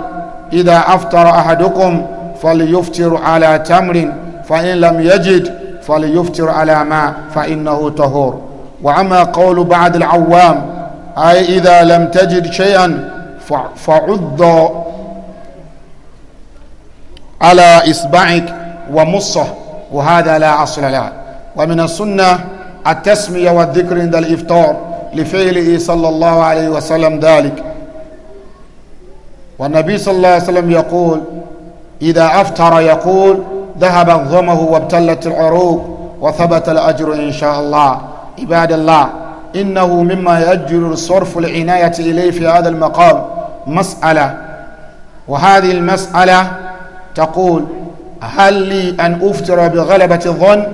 إذا أفطر أحدكم فليفطر على تمر فإن لم يجد فليفطر على ماء فإنه طهور وأما قول بعد العوام أي إذا لم تجد شيئا فعض على إصبعك ومصه وهذا لا أصل له ومن السنة التسمية والذكر عند الإفطار لفعله صلى الله عليه وسلم ذلك والنبي صلى الله عليه وسلم يقول إذا أفطر يقول ذهب ظمه وابتلت العروق وثبت الأجر إن شاء الله عباد الله إنه مما يأجر صرف العناية إليه في هذا المقام مسألة وهذه المسألة تقول هل لي أن أفتر بغلبة الظن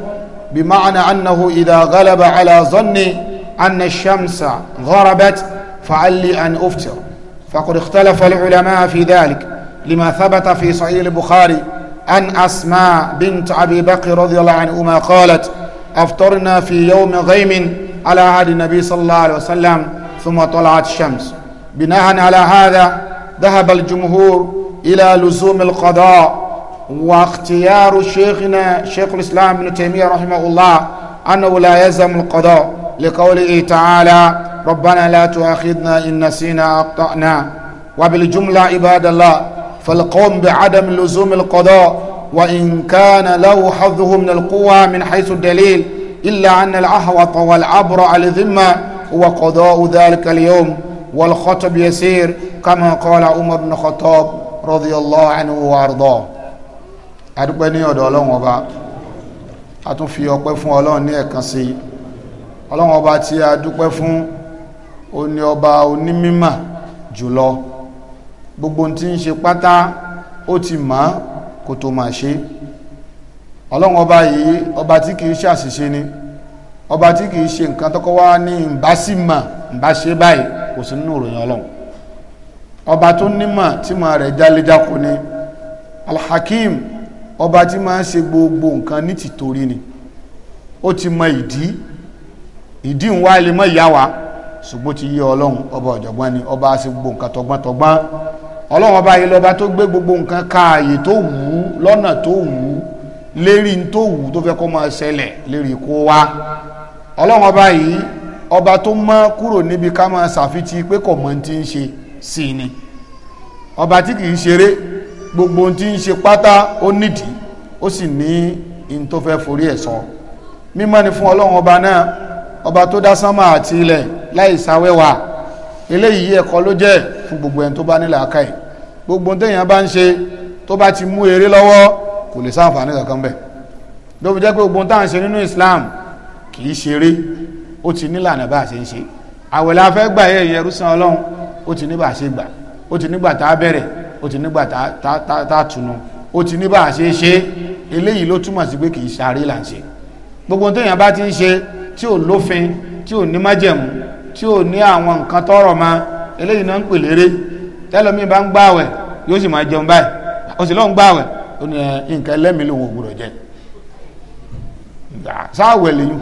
بمعنى أنه إذا غلب على ظني أن الشمس غربت فعلي أن أفتر فقد اختلف العلماء في ذلك لما ثبت في صحيح البخاري أن أسماء بنت أبي بكر رضي الله عنهما قالت أفطرنا في يوم غيم على عهد النبي صلى الله عليه وسلم ثم طلعت الشمس بناء على هذا ذهب الجمهور إلى لزوم القضاء واختيار شيخنا شيخ الإسلام ابن تيمية رحمه الله أنه لا يلزم القضاء لقوله تعالى ربنا لا تؤاخذنا إن نسينا أخطأنا وبالجملة عباد الله فالقوم بعدم لزوم القضاء وإن كان له حظه من القوة من حيث الدليل إلا أن الأحوط والعبر لذمة الذمة هو قضاء ذلك اليوم والخطب يسير كما قال عمر بن الخطاب رضي الله عنه وأرضاه أدبني أدولون وبا أتوفي أقف ولون نيكسي ọlọ́run ọba tí a dúpẹ́ fún ó ní ọba onímímọ̀ jùlọ gbogbo tí ń ṣe pátá ó ti mọ̀ kó tó máa ṣe ọlọ́run ọba yìí ọba tí kìí ṣe àṣìṣe ni ọba tí kìí ṣe nǹkan tọ́kọ́ wá ní ìbásímọ̀ ìbáṣe báyìí kò sí nínú ìròyìn ọlọ́run ọba tó nímọ̀ tí mọ̀ rẹ̀ jáléjáko ni alhakim ọba tí máa ṣe gbogbo nǹkan ní tìtorí ni ó ti mọ ìdí ìdí ń wá ilé mọ́ ìyá wa ṣùgbọ́n ti yí ọlọ́run ọba ọ̀jọ̀gbọ́n ni ọba sì gbogbo nǹkan tọgbọ́ntọgbọ́n ọlọ́run ọba yìí lọ́ba tó gbé gbogbo nǹkan ka tó wù ú lọ́nà tó wù ú lérí tó wù ú tó fẹ́ kó ọba tó mọ́ kúrò níbi ká máa ṣàfitì pé kò ti ọba tí kì gbogbo ti ń pátá ó ó sì ní ọba tó dá sánmà àti ilẹ̀ láì sáwẹ́wà eléyìí ẹ̀kọ́ ló jẹ́ fún gbogbo ẹni tó bá ní làákàyè gbogbo téèyàn bá ń ṣe tó bá ti mú eré lọ́wọ́ kò lè sáǹfààní kankan bẹ̀ ló fi jẹ́ pé gbogbo táà ṣe nínú Islam kì í ṣeré ó ti nílànà bá a ṣe ń ṣe àwẹ̀ la fẹ́ gbà yẹ ẹrúsàn Ọlọ́run ó ti ní bá a ṣe gbà ó ti nígbà tá a bẹ̀rẹ̀ ó ti nígbà tá a tunu ó ti ní bá a ṣe ṣe eléyìí ló túmọ̀ sí pé kì í ṣeré là ń ṣe gbogbo téèyàn bá ti ń ṣe tí ò lófin tí ò ní májẹ̀mú tí ò ní àwọn nǹkan tọrọ ma eléyìí náà ń pè léré tẹlẹmí bá ń gbààwẹ̀ yóò sì máa jẹun báyìí ó sì lọ ń gbààwẹ̀ ó ní nǹkan ẹlẹ́mìí lòun ò gbúdọ̀ jẹ sáàwẹ̀ lẹ́yìn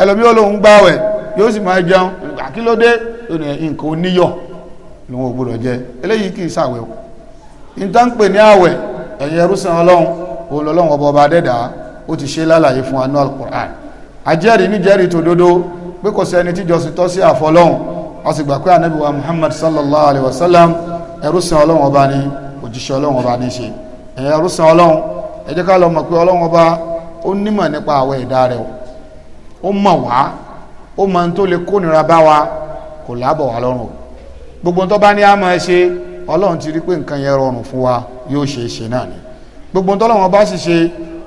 ẹlòmí ó lòun gbààwẹ̀ yóò sì máa jẹun àkílódé ó ní nǹkan oníyọ̀ lòun ò gbúdọ̀ jẹ eléyìí kì í ṣàwẹ̀ o nǹkan ń pè ní àwẹ̀ ẹ̀yẹ ẹrú ọlọ́run òun lọ́lọ́run ọba ọba adẹ́dàá ó ti ṣe lálàyé fún wa alukur'an ajẹ́rìí níjẹ́rìí tó dodo pé kò sẹ́ni tí jọ́sìn tọ́ sí àfọlọ́hun wọ́n sì gbà pé ànábì wa muhammad sallallahu alayhi wa sallam ẹrúsìn ọlọ́run ọba ni òjíṣẹ́ ọlọ́run ọba ní ṣe ẹ̀yẹ ẹrúsìn ọlọ́run ẹ jẹ́ ká lọ mọ̀ pé ọlọ́run ọba ó nímọ̀ nípa àwọn ẹ̀dá rẹ̀ ó mọ̀ wá ó mọ̀ tó lè kónira bá wa kò lábọ̀ wá lọ́rùn o gbogbo tó bá ní àmọ́ ẹ ṣe ọlọ́run ti rí pé nǹkan yẹn rọrùn fún wa yóò ṣe é ṣe náà ni gbogbo tọ́lọ́run ọba sì ṣe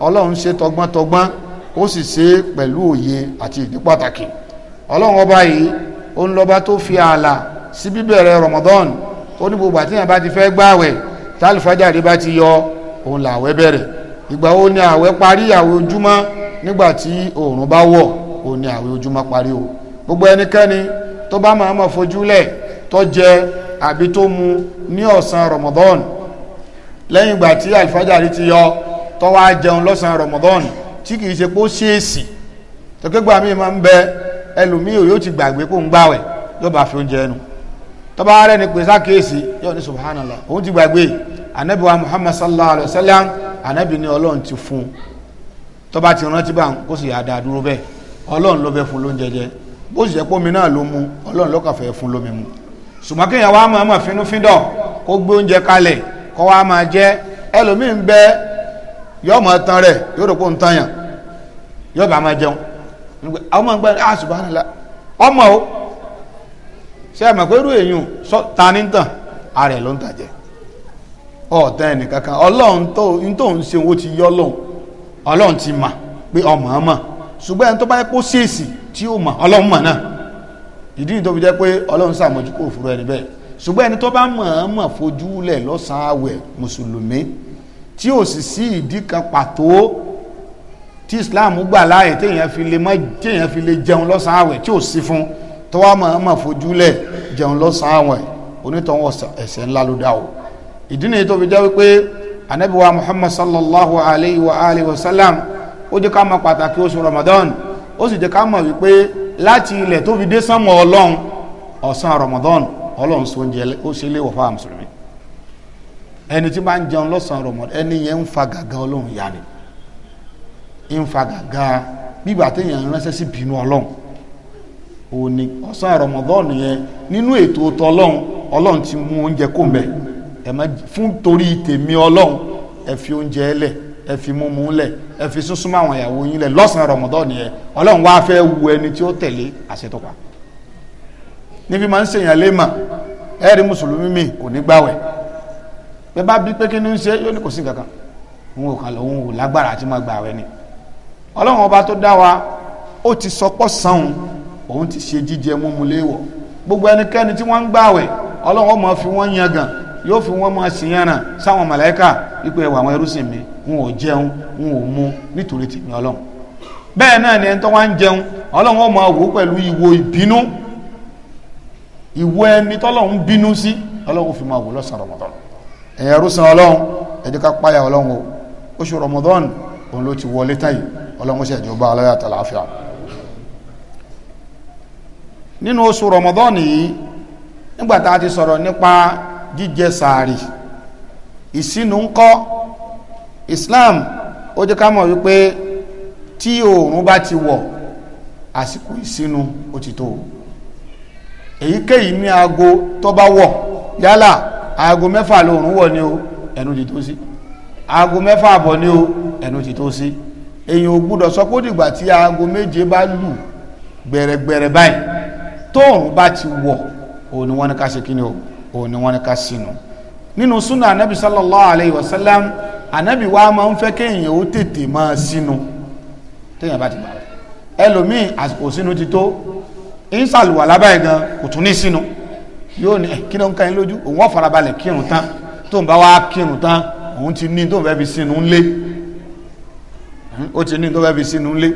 ọlọ́run ṣe tọgbọ́ntọgbọ́n kó sì ṣe pẹ̀lú òye àti ìdí pàtàkì ọlọ́run ọba yìí ó ń lọ́ba tó fi ààlà sí bíbẹ̀rẹ̀ Ramadan ó ní gbogbo àtìyàn bá ti fẹ́ gbààwẹ̀ tálífàjàre bá ti yọ òun làwẹ̀ bẹ̀rẹ̀ ìgbà wo ni àwẹ̀ parí àwẹ̀ ojúmọ́ nígbà tí oòrùn bá wọ̀ òun ni àwẹ̀ ojúmọ́ parí o gbogbo ẹnikẹ́ni tó bá máa ma fojú tó jẹ àbí tó mu ní ọ̀sán Ramadan lẹ́yìn ìgbà tí àlífàjàre ti yọ tó wá jẹun lọ́sàn Ramadan tí kìí ṣe pé ó ṣèèsì tọ́kẹ́gbà míì máa ń bẹ ẹlòmíì yóò ti gbàgbé kó ń gbàwẹ̀ yóò bá fi oúnjẹ ẹnu tọ́ba rẹ̀ ni pé sákèèsì yóò ní subhanallah òun ti gbàgbé anabi wa muhammad sallallahu alayhi wa sallam anabi ni ọlọ́run ti fún tọ́ba ti rántí bá kó sì yàda dúró bẹ́ẹ̀ ọlọ́run ló fẹ́ fún lóúnjẹ jẹ bó sì jẹ́ náà ló ọlọ́run ló fún lómi yóò mọ̀ tán rẹ̀ yóò rò pé ń tanyàn yóò bá máa jẹun ọmọ ń gbà ní àṣùbánilá ọmọ o ṣe àmọ̀ pé irú èyàn ta ní tàn ààrẹ ló ń tàjẹ́ ọ̀tá ẹnì kankan tó ń tó ń ṣe owó ti yọ lóhun ti mà pé ọmọ ọmọ ṣùgbọ́n ẹni tó bá yẹ kó ṣèèṣì tí ó mọ̀ ọlọ́run mọ̀ náà ìdí tó fi pé ọlọ́run ṣàmójúkò òfurufú ẹni bẹ́ẹ̀ ṣùgbọ́n ẹni tó bá mọ̀ fojú lẹ̀ lọ́sàn-án àwẹ̀ mùsùlùmí tí ò sì sí ìdí kan pàtó tí islam gbà láàyè téèyàn fi lè mọ́ téèyàn fi lè jẹun lọ́sàn-án àwẹ̀ tí ò sí fún tọ́wọ́ máa máa fojúlẹ̀ jẹun lọ́sàn-án àwẹ̀ onítọ̀hún ẹ̀ṣẹ̀ ńlá ló dá o ìdí nìyí tó fi jẹ́ wípé anabi wa muhammad sallallahu alayhi wa alayhi wa sallam ó jẹ́ ká mọ̀ pàtàkì oṣù ramadan ó sì jẹ́ ká mọ̀ wípé láti ilẹ̀ tó fi dé sánmọ̀ ọlọ́run ọ̀sán ramadan ọlọ́run sọ oúnjẹ ó ṣe léwọ̀ fáwọn mùsùlùmí ẹni tí bá ń jẹun lọ́sàn-án rọ̀mọ̀dán ẹni yẹn ń fa gàgà ọlọ́run ìyá ni ń fa gàgà bíbà téèyàn ránṣẹ́ sí bínú ọlọ́run òní ọ̀sán rọ̀mọ̀dán yẹn nínú ètò tọlọ́run ọlọ́run ti mú oúnjẹ kò mẹ́ ẹ má fún torí tèmi ọlọ́run ẹ fi oúnjẹ lẹ̀ ẹ fi mímú lẹ̀ ẹ fi súnsúnmọ́ àwọn ìyàwó yín lẹ̀ lọ́sàn-án rọ̀mọ̀dán yẹn ọlọ́run wá fẹ́ wu ẹni tí ó tẹ̀lé àṣẹ níbi máa ń ṣèyàn lé mà ẹ́ẹ̀rí mùsùlùmí mi kò ní gbàwẹ̀ bẹ́ẹ̀ bá bí pé kí ni ń ṣe yóò ní kò sí kankan òun ò kàn lọ òun ò lágbára àti máa gbà wẹ̀ ni ọlọ́run ọba tó dá wa ó ti sọpọ́ sanwó òun ti ṣe jíjẹ múmu léèwọ̀ gbogbo ẹnikẹ́ni tí wọ́n ń gbàwẹ̀ ọlọ́run máa fi wọ́n yan gan yóò fi wọ́n máa sì yànnà sáwọn màláíkà ipò ẹ̀wà àwọn ẹrúsìn mi wọn ò jẹun wọn ò mu nítorí tèmi ọlọ́run bẹ́ẹ̀ náà ni ẹni tó wá ń jẹun ọlọ́run máa wò pẹ̀lú ìwo ìbínú ìwo ẹni tọ́lọ́run bínú sí ọlọ́run fi máa wò lọ́sàn-án rọ̀mọ́tọ́lọ́ ẹ̀yẹ rúsan ọlọ́run ẹ̀dí ká páyà ọlọ́run o oṣù Ramadan òun ló ti wọlé tán yìí ọlọ́run ṣe ìjọba aláyà tàlàáfíà nínú oṣù Ramadan yìí nígbà a ti sọ̀rọ̀ nípa jíjẹ sàárì ìsinu ń kọ́ Islam ó jẹ́ ká mọ̀ wípé tí oòrùn bá ti wọ̀ àsìkò isinu ó ti tó èyíkéyìí ní aago tó bá wọ̀ yálà aago mẹ́fà lóòrùn wọ̀ ni o ẹnu ti tó sí aago mẹ́fà àbọ̀ ni o ẹnu ti tó sí èyàn ò gbúdọ̀ sọ pé ó dìgbà tí aago méje bá lù gbẹ̀rẹ̀gbẹ̀rẹ̀ báyìí tóòrùn bá ti wọ̀ òun ni wọ́n ká ṣe kí ni o òun ni wọ́n ká sínú nínú súnà anabi sallallahu alayhi wa sallam anabi wa máa ń fẹ́ kéèyàn ó tètè máa sínú téèyàn bá ti gbà ẹlòmíì àsìkò sínú ti tó ń sàlùwà lábàá gan kò tún ní sínú yóò ní kí ló ń ka yín lójú òun wọ́n farabalẹ̀ kírun tán tó ń bá wá kírun tán òun ti ní tó ń fẹ́ fi sínú ńlé ó ti ní tó fẹ́ fi sínú ńlé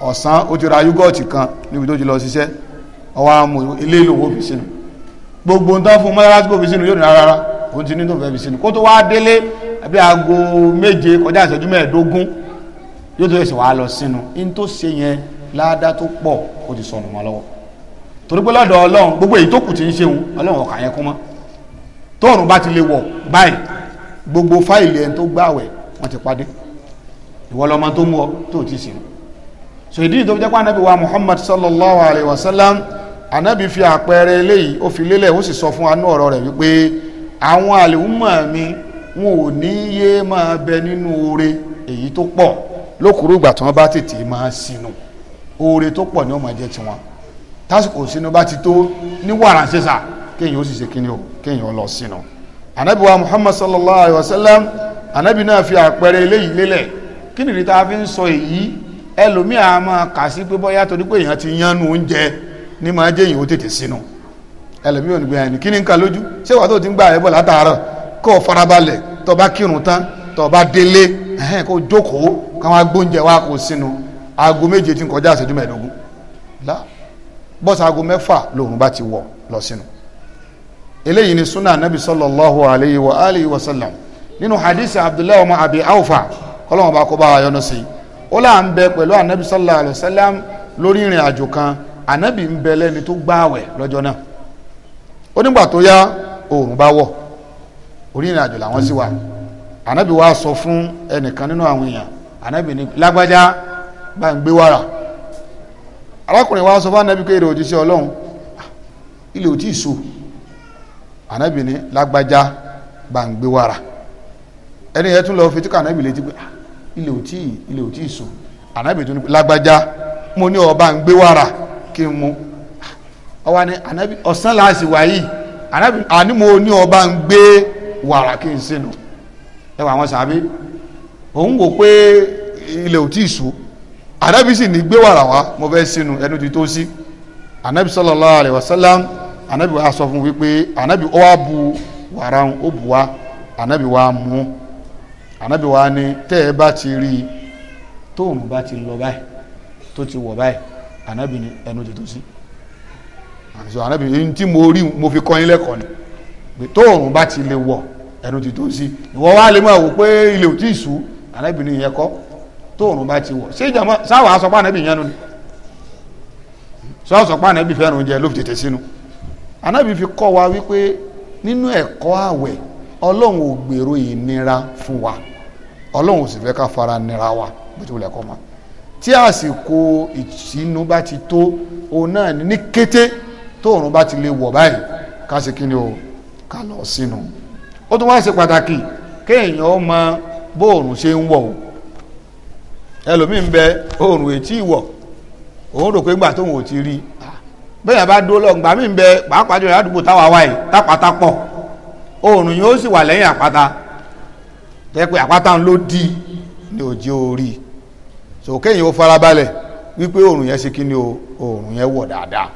ọ̀sán ó ti ra yúgọ̀tì kan níbi tó ti lọ ṣiṣẹ́ ọwọ́ amú ilé ìlòwò fi sínú gbogbo nǹkan fún mọ́lá tí kò fi sínú yóò ní rárá òun ti ní tó fẹ́ fi sínú kó tó wá délé àbí aago méje kọjá ìṣẹ́jú mẹ́ẹ̀ẹ́dógún yóò tó ṣe wàá lọ sínú torí pé lọ́dọ̀ ọlọ́run gbogbo èyí tó kù ti ń ṣe òun ọlọ́run ọ̀kà yẹn kún mọ́ tóòrùn bá ti lè wọ̀ báyìí gbogbo fáìlì ẹni tó gbààwẹ̀ wọ́n ti padé ìwọ lọmọ tó mú ọ tó ti sìn so ìdí tó pé anabi wa muhammad sallallahu alayhi wa sallam anabi fi àpẹẹrẹ eléyìí ó fi lélẹ̀ ó sì sọ fún anú ọ̀rọ̀ rẹ̀ wípé àwọn àlèhùnmọ̀ mi wọn ò ní yé máa bẹ nínú oore èyí tó pọ̀ lókùrú ìgbà tí wọ́n bá tètè máa sinú oore tó pọ̀ ni ó tiwọn tásìkò sínú bá ti tó ní wàrà ṣẹṣà kéèyàn ó sì ṣe kíni o kéèyàn lọ sínú. anabi wa muhammad sallallahu alayhi wa sallam anabi náà fi àpẹẹrẹ eléyìí lélẹ̀ kí tá a fi ń sọ èyí ẹlòmíì a máa kà sí pé bóyá torí pé èèyàn ti yánnu oúnjẹ ní máa jẹ́ èèyàn ó tètè sínú ẹlòmíì ò gbìyànjú kí ni ń ka lójú ṣé wàá ti ń látàárọ̀ kó o farabalẹ̀ tó bá kírun tán tó bá délé kó jókòó káwọn agbóúnjẹ wa kò sínú aago méje ti ń kọjá àṣẹjú bọ́sàgó mẹ́fà lòun bá ti wọ̀ lọ sínú eléyìí ni sunnah nabi sallallahu alayhi wa alihi wa sallam nínú hadith abdullahi ọmọ abi awfa kọlọ́wọ́n bá kó bá wa yọ́nú sí ó là ń bẹ pẹ̀lú anabi sallallahu alayhi wa sallam lórí ìrìn àjò kan anabi ń bẹ lẹ́ni tó gbáwẹ̀ lọ́jọ́ náà ó nígbà tó yá oòrùn bá wọ̀ orí ìrìn àjò làwọn sì wà anabi wa sọ fún ẹnìkan nínú àwọn èèyàn anabi ní lágbájá bá ń gbé wàrà arákùnrin wa sọ fún anabi pé èrè òjíṣẹ́ ọlọ́run ah, ilé ò tí ì so anabi ní lágbájá gbàǹgbé wàrà ẹni yẹn tún lọ fi tíkà anabi létí pé ah, ilé ò tí ì ilé ò tí ì so anabi tún ní lágbájá mo ní ọba ń gbé wàrà kí n mu ah, ọwọ́ ni anabi ọ̀sán láàsì wáyé anabi àní mo ní ọba ń gbé wàrà kí n sínú ẹ wà wọn sàbí òun wò pé ilé ò tí ì so anabi sì ní gbé wàrà wá mo fẹ́ sínú ẹnu ti tó sí anabi sallallahu alayhi wa sallam anabi wa sọ fún wípé anabi ó wá bu wàrà ó bu wá anabi wa mú anabi wa ní tẹ́ ẹ bá ti rí i tóun bá ti lọ báyìí tó ti wọ̀ báyìí anabi ní ẹnu ti tó sí àti anabi ní tí mo rí mo fi kọ́ yín lẹ́kọ̀ọ́ ni pé tóun bá ti lè wọ̀ ẹnu ti tó sí ìwọ wa lè máa wò pé ilé ò tí ì sú anabi ní ìyẹn kọ́ tóòrùn bá ti wọ̀ ṣé ìjàmọ́ sáwà asọ́pá ànábì yẹn nu ni sọ́ọ̀sọ́pá fẹ́ràn oúnjẹ ló fi tètè sínú fi kọ́ wípé nínú ẹ̀kọ́ àwẹ̀ ọlọ́run ò gbèrò ìnira fún wa ọlọ́run ò sì fẹ́ ká fara nira wa bó ti kọ́ ma tí àsìkò bá ti tó òun náà ní kété o ká lọ sínú ó tún wá ṣe pàtàkì kéèyàn bóòrùn o ẹlòmíì ń bẹ oòrùn ètí ìwọ̀ òun rò pé gbà tóun ò ti rí bẹ́ẹ̀ bá dúró lọ́gbà mí ń bẹ pàápàá jọ ládùúgbò táwa wáyé tápàtà pọ̀ oòrùn yóò sì wà lẹ́yìn àpáta tẹ́ pé àpáta ń ní òjì so kéèyàn ó farabalẹ̀ wípé yẹn ṣe kí ni yẹn wọ̀ dáadáa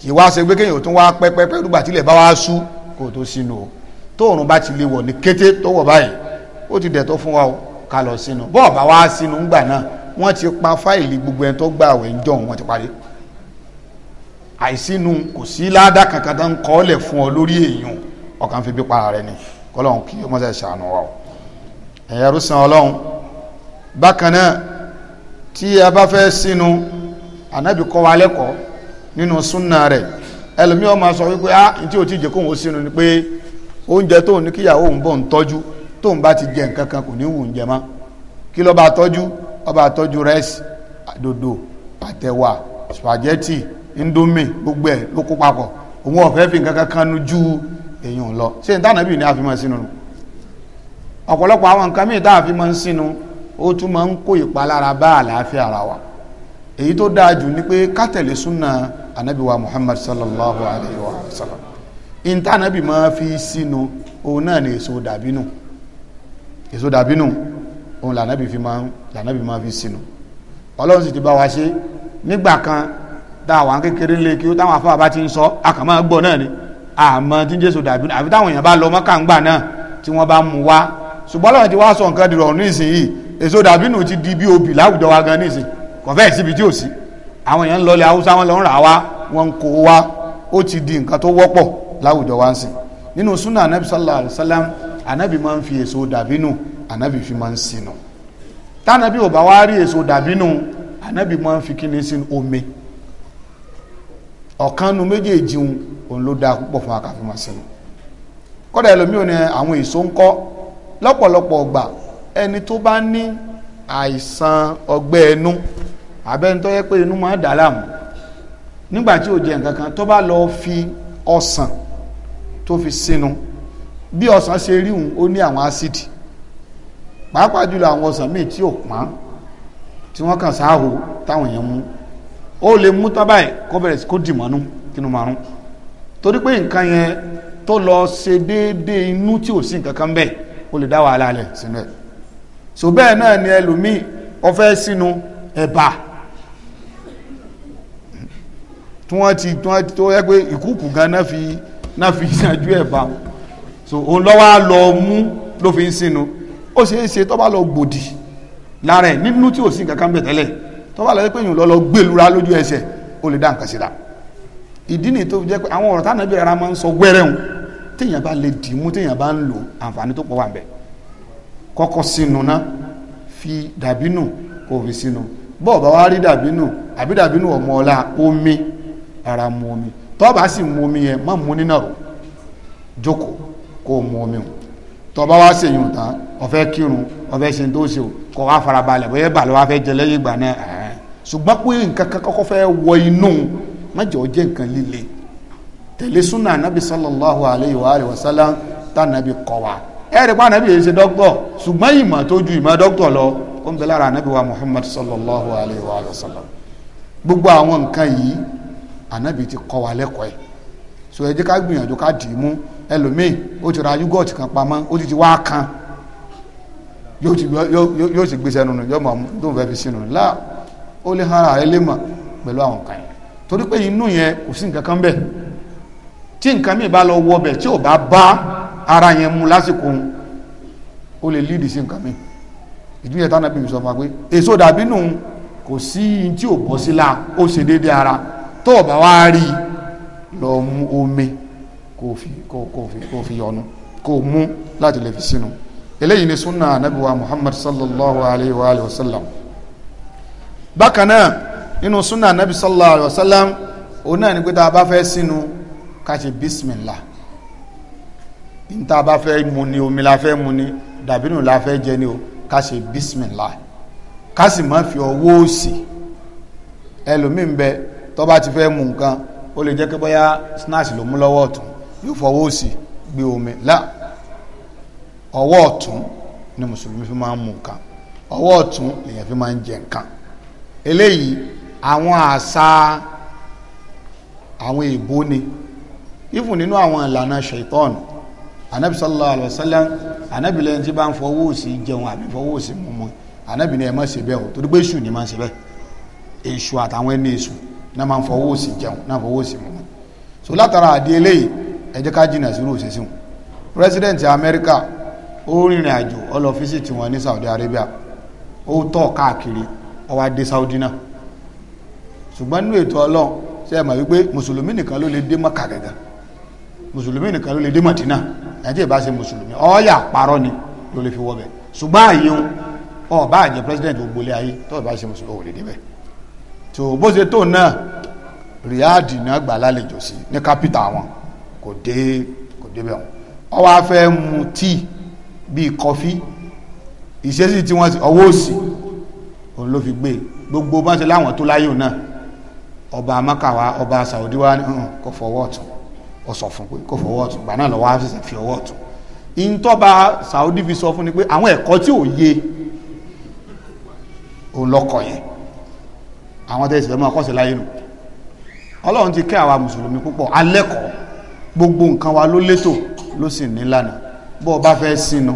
kì í wá ṣe pé kéèyàn tún wá tílẹ̀ bá wá sú kó tó sínú o tóòrùn bá ti ká lọ sínú bọ́ọ̀ bá wá sínú ńgbà náà wọ́n ti pa fáìlì gbogbo ẹni tó gbà wẹ̀ ń jọ̀hún wọ́n ti parí àìsínú kò sí ládàá kankan tó ń kọ́ lẹ̀ fún ọ lórí èèyàn ọkàn fi bí para rẹ ni kọlọ́hún kí ọmọ sẹ́ẹ̀ ṣàánú wa o ẹ̀yà rúsan ọlọ́hún bákan náà tí a bá fẹ́ sínú ànábì kọ́ wa lẹ́kọ̀ọ́ nínú súnà rẹ̀ ẹlòmíràn máa sọ wípé ah ntí o ti jẹ́ kóhun sínú ni pé oúnjẹ tóun ní kíyàwó òun bọ̀ ń tọ́jú tóun bá ti jẹ nǹkan kan kò ní wù ń jẹ mọ́ kí lọ́ba tọ́jú ọba indomie gbogbo ẹ̀ ló kó papọ̀ òun ọ̀fẹ́ fi nǹkan kan kanu ju èèyàn lọ ṣé n tànàbí ni a fi sínú àwọn ara wa èyí tó dáa jù ni pé ká tẹ̀lé súnà alayhi wa sallam máa fi sínú òun náà ní èso dàbínú. èso dàbínú òun lànàbì fi máa lànàbì máa fi sínú ọlọ́run sì ti bá wa ṣe nígbà kan tá àwọn kékeré lé kí ó táwọn afọ àbá ti ń sọ àkàmọ́ gbọ́ náà ni àmọ́ tí jésù dàbínú àfi táwọn èèyàn bá lọ mọ́kàngbà náà tí wọ́n bá mú wa ṣùgbọ́n ọlọ́run ti wá sọ nǹkan dìrọ̀ nísìnyí èso dàbínú ti di bí obì láwùjọ wa gan nísìnyí kọ̀fẹ́ síbi tí ò sí àwọn èèyàn ń lọlé haúsá wọn lọ ń rà wá wọn ń kó wa ó ti di nǹkan tó wọ́pọ̀ láwùjọ wa ń sìn nínú sunnah anabi sallallahu alayhi wa sallam ànábì máa ń fi èso dàbínú ànábì fi máa ń sinú tànábì ò bá wá rí èso dàbínú ànábì máa ń fi kíni sínú omi ọ̀kanu méjèèjì òun ló dáa púpọ̀ fún akáfí máa sinú kọ́dà ẹlòmíràn ni àwọn èso ń kọ́ lọ́pọ̀lọpọ̀ ọgbà ẹni tó bá ní àìsàn ọgbẹ́ ẹnu abẹ́ni tó yẹ pé inú máa dà láàmú nígbà tí ò jẹ nǹkan kan tó bá lọ fi ọsàn tó fi sínú bí ọsàn ṣe rí òun ó ní àwọn ásíìdì pàápàá jùlọ àwọn ọsàn míì tí ò pọ́n tí wọ́n kàn sáàhó táwọn èèyàn mú ó lè mú tán báyìí kó bẹ̀rẹ̀ sí kó dì mọ́nú kínú márùn torí pé nǹkan yẹn tó lọ ṣe déédéé inú tí ò sí nǹkan kan bẹ́ẹ̀ ó lè dá wàhálà lẹ̀ sínú ẹ̀ so bẹ́ẹ̀ náà ni ẹlòmíì ọfẹ́ sínú ẹ̀bà tí wọ́n ti tí wọ́n ti tó yẹ pé ìkúùkù gan náà fi náà fi ṣáájú ẹ̀bà wọn so òun lọ́wọ́ á lọ mú ló fi ń sinu ó ṣeé ṣe tó bá lọ gbòdì lára ẹ̀ nínú tí ò sí nǹkan kan bẹ̀ tẹ́lẹ̀ tó bá lọ pé èèyàn lọ lọ gbèlúra lójú ẹsẹ̀ ó lè dá nǹkan síra ìdí nìyí tó fi jẹ́ pé àwọn ọ̀rọ̀ táwọn ẹbí ara máa ń sọ wẹ́rẹ́ wọn téèyàn bá lè dì í mú téèyàn bá ń lò àǹfààní tó pọ̀ wà bẹ́ẹ̀ kọ́kọ́ sínú ná fi dàbínù kó fi sínú bọ́ọ̀ bá wá rí dàbínù àbí dàbínù ọmọ ọ̀la omi ara mu omi tọ́ọ̀ bá sì mu omi yẹn má mu nínà rò jókòó kó o mu omi o tọba wa ṣe yùn tán ọfẹ kírun ọfẹ ṣe tó ṣe o kọ wa farabalẹ̀ bóyá balẹ̀ wa fẹ́ jẹlẹ́ yìí gbà náà ẹ̀ẹ́n ṣùgbọ́n pé nǹkan kọ́kọ́ fẹ́ wọ inú májọ jẹ́ nǹkan líle tẹ̀lé súnà anábì sallallahu alayhi wa alayhi wa sallam tá anábì kọ wa ẹ̀rì pa anábì yìí ṣe dọ́kítọ̀ ṣùgbọ́n ìmọ̀ tó ju ìmọ̀ dọ́kítọ̀ lọ ó ń bẹ lára anábì wa muhammad sallallahu alayhi wa alayhi wa sallam gbogbo àwọn nǹkan yìí anábì ti kọ wa lẹ́kọ̀ọ́ ẹ̀ so ẹ jẹ́ ká gbìyànjú ká dì í mú ẹlòmíì ó ti ra yúgọ̀tì kan pamọ́ ó ti ti wá kan yóò ti yóò ti gbé sẹ́nu nù yóò mọ̀ tó ń fẹ́ fi sínú lá ó lè hara ẹ lè mọ̀ pẹ̀lú àwọn kan yẹn torí pé inú yẹn kò sí nǹkan kan bẹ̀ tí nǹkan mi bá lọ wọ bẹ̀ tí ò bá bá ara yẹn mu lásìkò ó lè lídì sí nǹkan mi ìdúnyẹ tánà bí mi sọ fún wa pé èso dàbí nù kò sí tí ò bọ́ sí la ó ṣe déédéé ara tó o bá wá rí lọ mu omi kò fi kò kò fi kò fi yọnu kò mú láti lè fi sínú eléyìí ni sunna anabi wa muhammad sallallahu alayhi wa alayhi wa sallam bákan náà nínú sunna anabi sallallahu alayhi wa sallam òun náà ni pé tá a bá fẹ́ sínú ká ṣe bismillah n tá a bá fẹ́ mu ni omi la fẹ́ mu ni dàbínú la fẹ́ jẹ ni o ká ṣe bismillah ká sì má fi ọwọ́ òsì ẹlòmíín bẹ tó ti fẹ́ mu nǹkan ó lè jẹ́ pé bóyá snacks ló mú lọ́wọ́ ọ̀tún yóò fọwọ́ òsì gbé omi lá ọwọ́ ọ̀tún ni mùsùlùmí fi máa ń mu nǹkan ọwọ́ ọ̀tún lèyàn fi máa ń jẹ nǹkan eléyìí àwọn àṣà àwọn èèbó ni ìfún nínú àwọn ìlànà ṣètọ́nù anabi sallallahu alayhi wa sallam anabi lẹ́yìn tí bá ń fọwọ́ òsì jẹun àbí fọwọ́ òsì mu mu anabi ni ẹ má ṣe bẹ́ẹ̀ o torí pé èṣù ni má ṣe bẹ́ẹ̀ èṣù àtàwọn ẹni èṣù náà máa ń fọwọ́ òsì jẹun náà fọwọ́ òsì mu mu so látara àdí eléyìí ẹ jẹ́ ká jìnnà sírò òṣèṣin president America ó rìnrìn àjò ó lọ fíṣítì ní Saudi Arabia ó tọ̀ káàkiri ó dé Saudi náà ṣùgbọ́n nínú ètò Ọlọ́run ṣe é mọ̀ wípé mùsùlùmí nìkan ló lè dé Mọ́kà gẹ́gẹ́ mùsùlùmí nìkan ló lè dé Mọ̀dínà ẹ̀jẹ̀ bá ṣe mùsùlùmí ọ̀ọ́yà parọ́ ni ló lè fi wọ́ bẹ̀ ṣùgbọ́n àyè òun ọba àjẹ president gbogbo ilé ayé tó ọba ṣe mùsùlùmí ò lè débẹ̀ tó bó ṣe tó náà Riyadh náà gbà lálejò sí ní kápítà wọn kò dé kò débẹ̀ wọn wọ́n wá fẹ́ mu tíì bíi kọfí ìṣesí tí wọ́n ti ọwọ́ òsì òun ló fi gbé gbogbo bá ṣe láwọn tó láyò náà ọba amákàwá ọba Saudi wa ní hàn kò fọwọ́ ọ̀tún ó sọ fún pé kò fọwọ́ ọ̀tún gbà náà lọ́wọ́ á fi ọwọ́ ọ̀tún ìntọ́ba Saudi fi sọ fún ni pé àwọn ẹ̀kọ́ tí ò yé òun lọ́kọ̀ yẹn àwọn tẹ́sí fẹ́ mọ́ ọkọ̀ sí láyé nù ọlọ́run ti kẹ́ àwa mùsùlùmí púpọ̀ alẹ́kọ̀ọ́ gbogbo nǹkan wa ló létò ló sì nílànà bó o bá fẹ́ sínú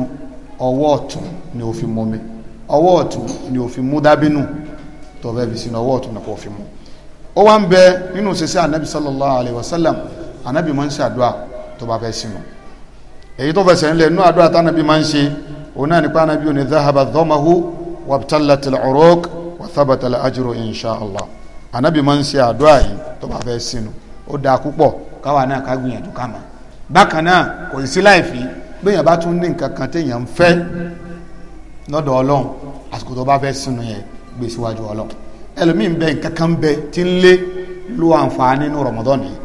ọwọ́ ọ̀tún ni o fi mú mi ọwọ́ ọ̀tún ni o fi mú dábínú tó fẹ́ fi sínú ọwọ́ ọ̀tún ni kò fi mú ó wá ń bẹ nínú ṣẹṣẹ anabi sallallahu alayhi wa sallam anabi máa ń ṣàdúrà tó bá fẹ́ sínú èyí tó fẹsẹ̀ ńlẹ̀ inú àdúrà tánabi máa ń ṣe òun náà nípa anabi òní zahaba dhamahu wabtalatil uruq wathabatal ajru insha allah anabi máa ń ṣe àdúrà yìí tó bá fẹ́ sínú ó dáa púpọ̀ káwa náà ká gbìyànjú ká mọ̀ bákan náà kò sí láìfi gbìyànjú bá tún ní nǹkan kan téèyàn ń fẹ́ lọ́dọ̀ ọlọ́run àsìkò tó bá fẹ́ sínú yẹn gbé síwájú ọlọ́run ẹlòmíì ń bẹ nǹkan kan bẹ tí ń lé ló àǹfààní nínú Ramadan yìí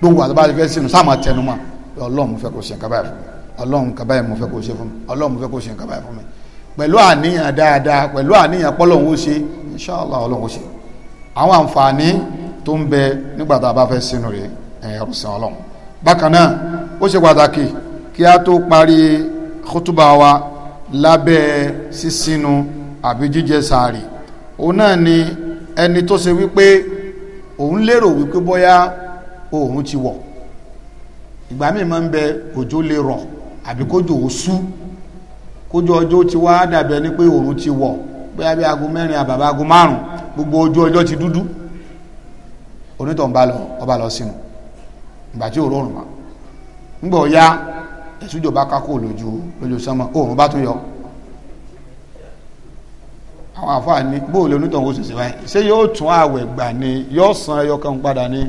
gbogbo àti bá ti fẹ́ sínú sáà máa tẹnu mọ́ ọlọ́run mo fẹ́ kó ṣe nǹkan báyìí fún mi ọlọ́run nǹkan báyìí mo fẹ́ kó ṣe fún mi ọlọ́run mo fẹ́ kó ṣe nǹkan báyìí fún mi pẹ̀lú àníyàn dáadáa pẹ̀lú àníyàn pọ́lọ́hún ó ṣe inṣáàlá ọlọ́run ó àwọn àǹfààní tó ń bẹ nígbà tá a bá fẹ́ sínú rèé ẹ̀yàn ọ̀sán ọlọ́run bákan náà ó ṣe pàtàkì kí a tó parí kútúbà wa lábẹ́ sísinu àbí jíjẹ sàárì òun náà ni ẹni tó ṣe wípé òun lérò wípé bóyá òun ti wọ̀ ìgbà míì máa ń bẹ òjò lè rọ̀ àbí kójò ó sú kójò ọjọ́ ti wá dàbẹ̀ ni pé òun ti wọ̀ bóyá bí aago mẹ́rin àbàbà aago márùn-ún gbogbo ojú ọjọ́ ti dúdú onítọ̀ ń bá lọ ọba lọ sínú ìgbà tí òórùn mọ́ ńgbọ̀ ya ẹ̀sùjò bá kákó lójú lójú sánmọ́ òórùn bá tún yọ àwọn àfáà ní bóòlù onítọ̀hún oṣù sí báyìí ṣé yóò tún àwẹ̀ gbà ni yóò san ẹyọ kan padà ni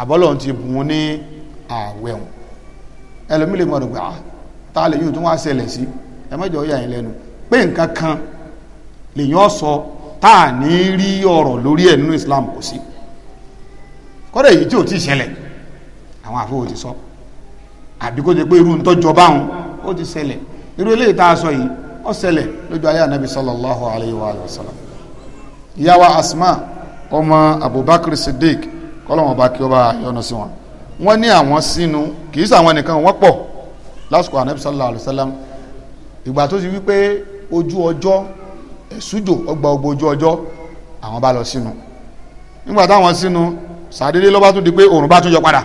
àbọ́lọ̀ ti bùn ní àwẹ̀ wọn ẹlòmílè mọ̀rọ̀ gbà tá a lè ah, yóò tún wá ṣẹlẹ̀ sí ẹ mọ́jọ yà yín lẹ́nu pé nǹkan kan lèyàn sọ tá a ní rí ọ̀rọ̀ lórí ẹ̀ nínú Islam kò sí kọ́dà èyí tí ò tí ṣẹlẹ̀ àwọn àfọwò ti sọ àbí kó jẹ pé irú ntọ́jọ báwọn ó ti ṣẹlẹ̀ irú eléyìí tá a sọ yìí ó ṣẹlẹ̀ lójú ayé anabi sallallahu alayhi wa sallam ìyàwó asma ọmọ abubakar siddiq kọ́lọ́wọ́n bá kí ó bá yọ́nú sí wọn wọ́n ní àwọn sínú kì í sàwọn nìkan wọ́n pọ̀ lásìkò anabi sallallahu alayhi wa sallam ìgbà tó ti wípé ojú ọjọ́ ẹ̀sùjò ọgbà ọgbà ojú ọjọ́ àwọn bá lọ sínú nígbà táwọn sínú sàdédé ló tún di pé òòrùn bá tún yọ padà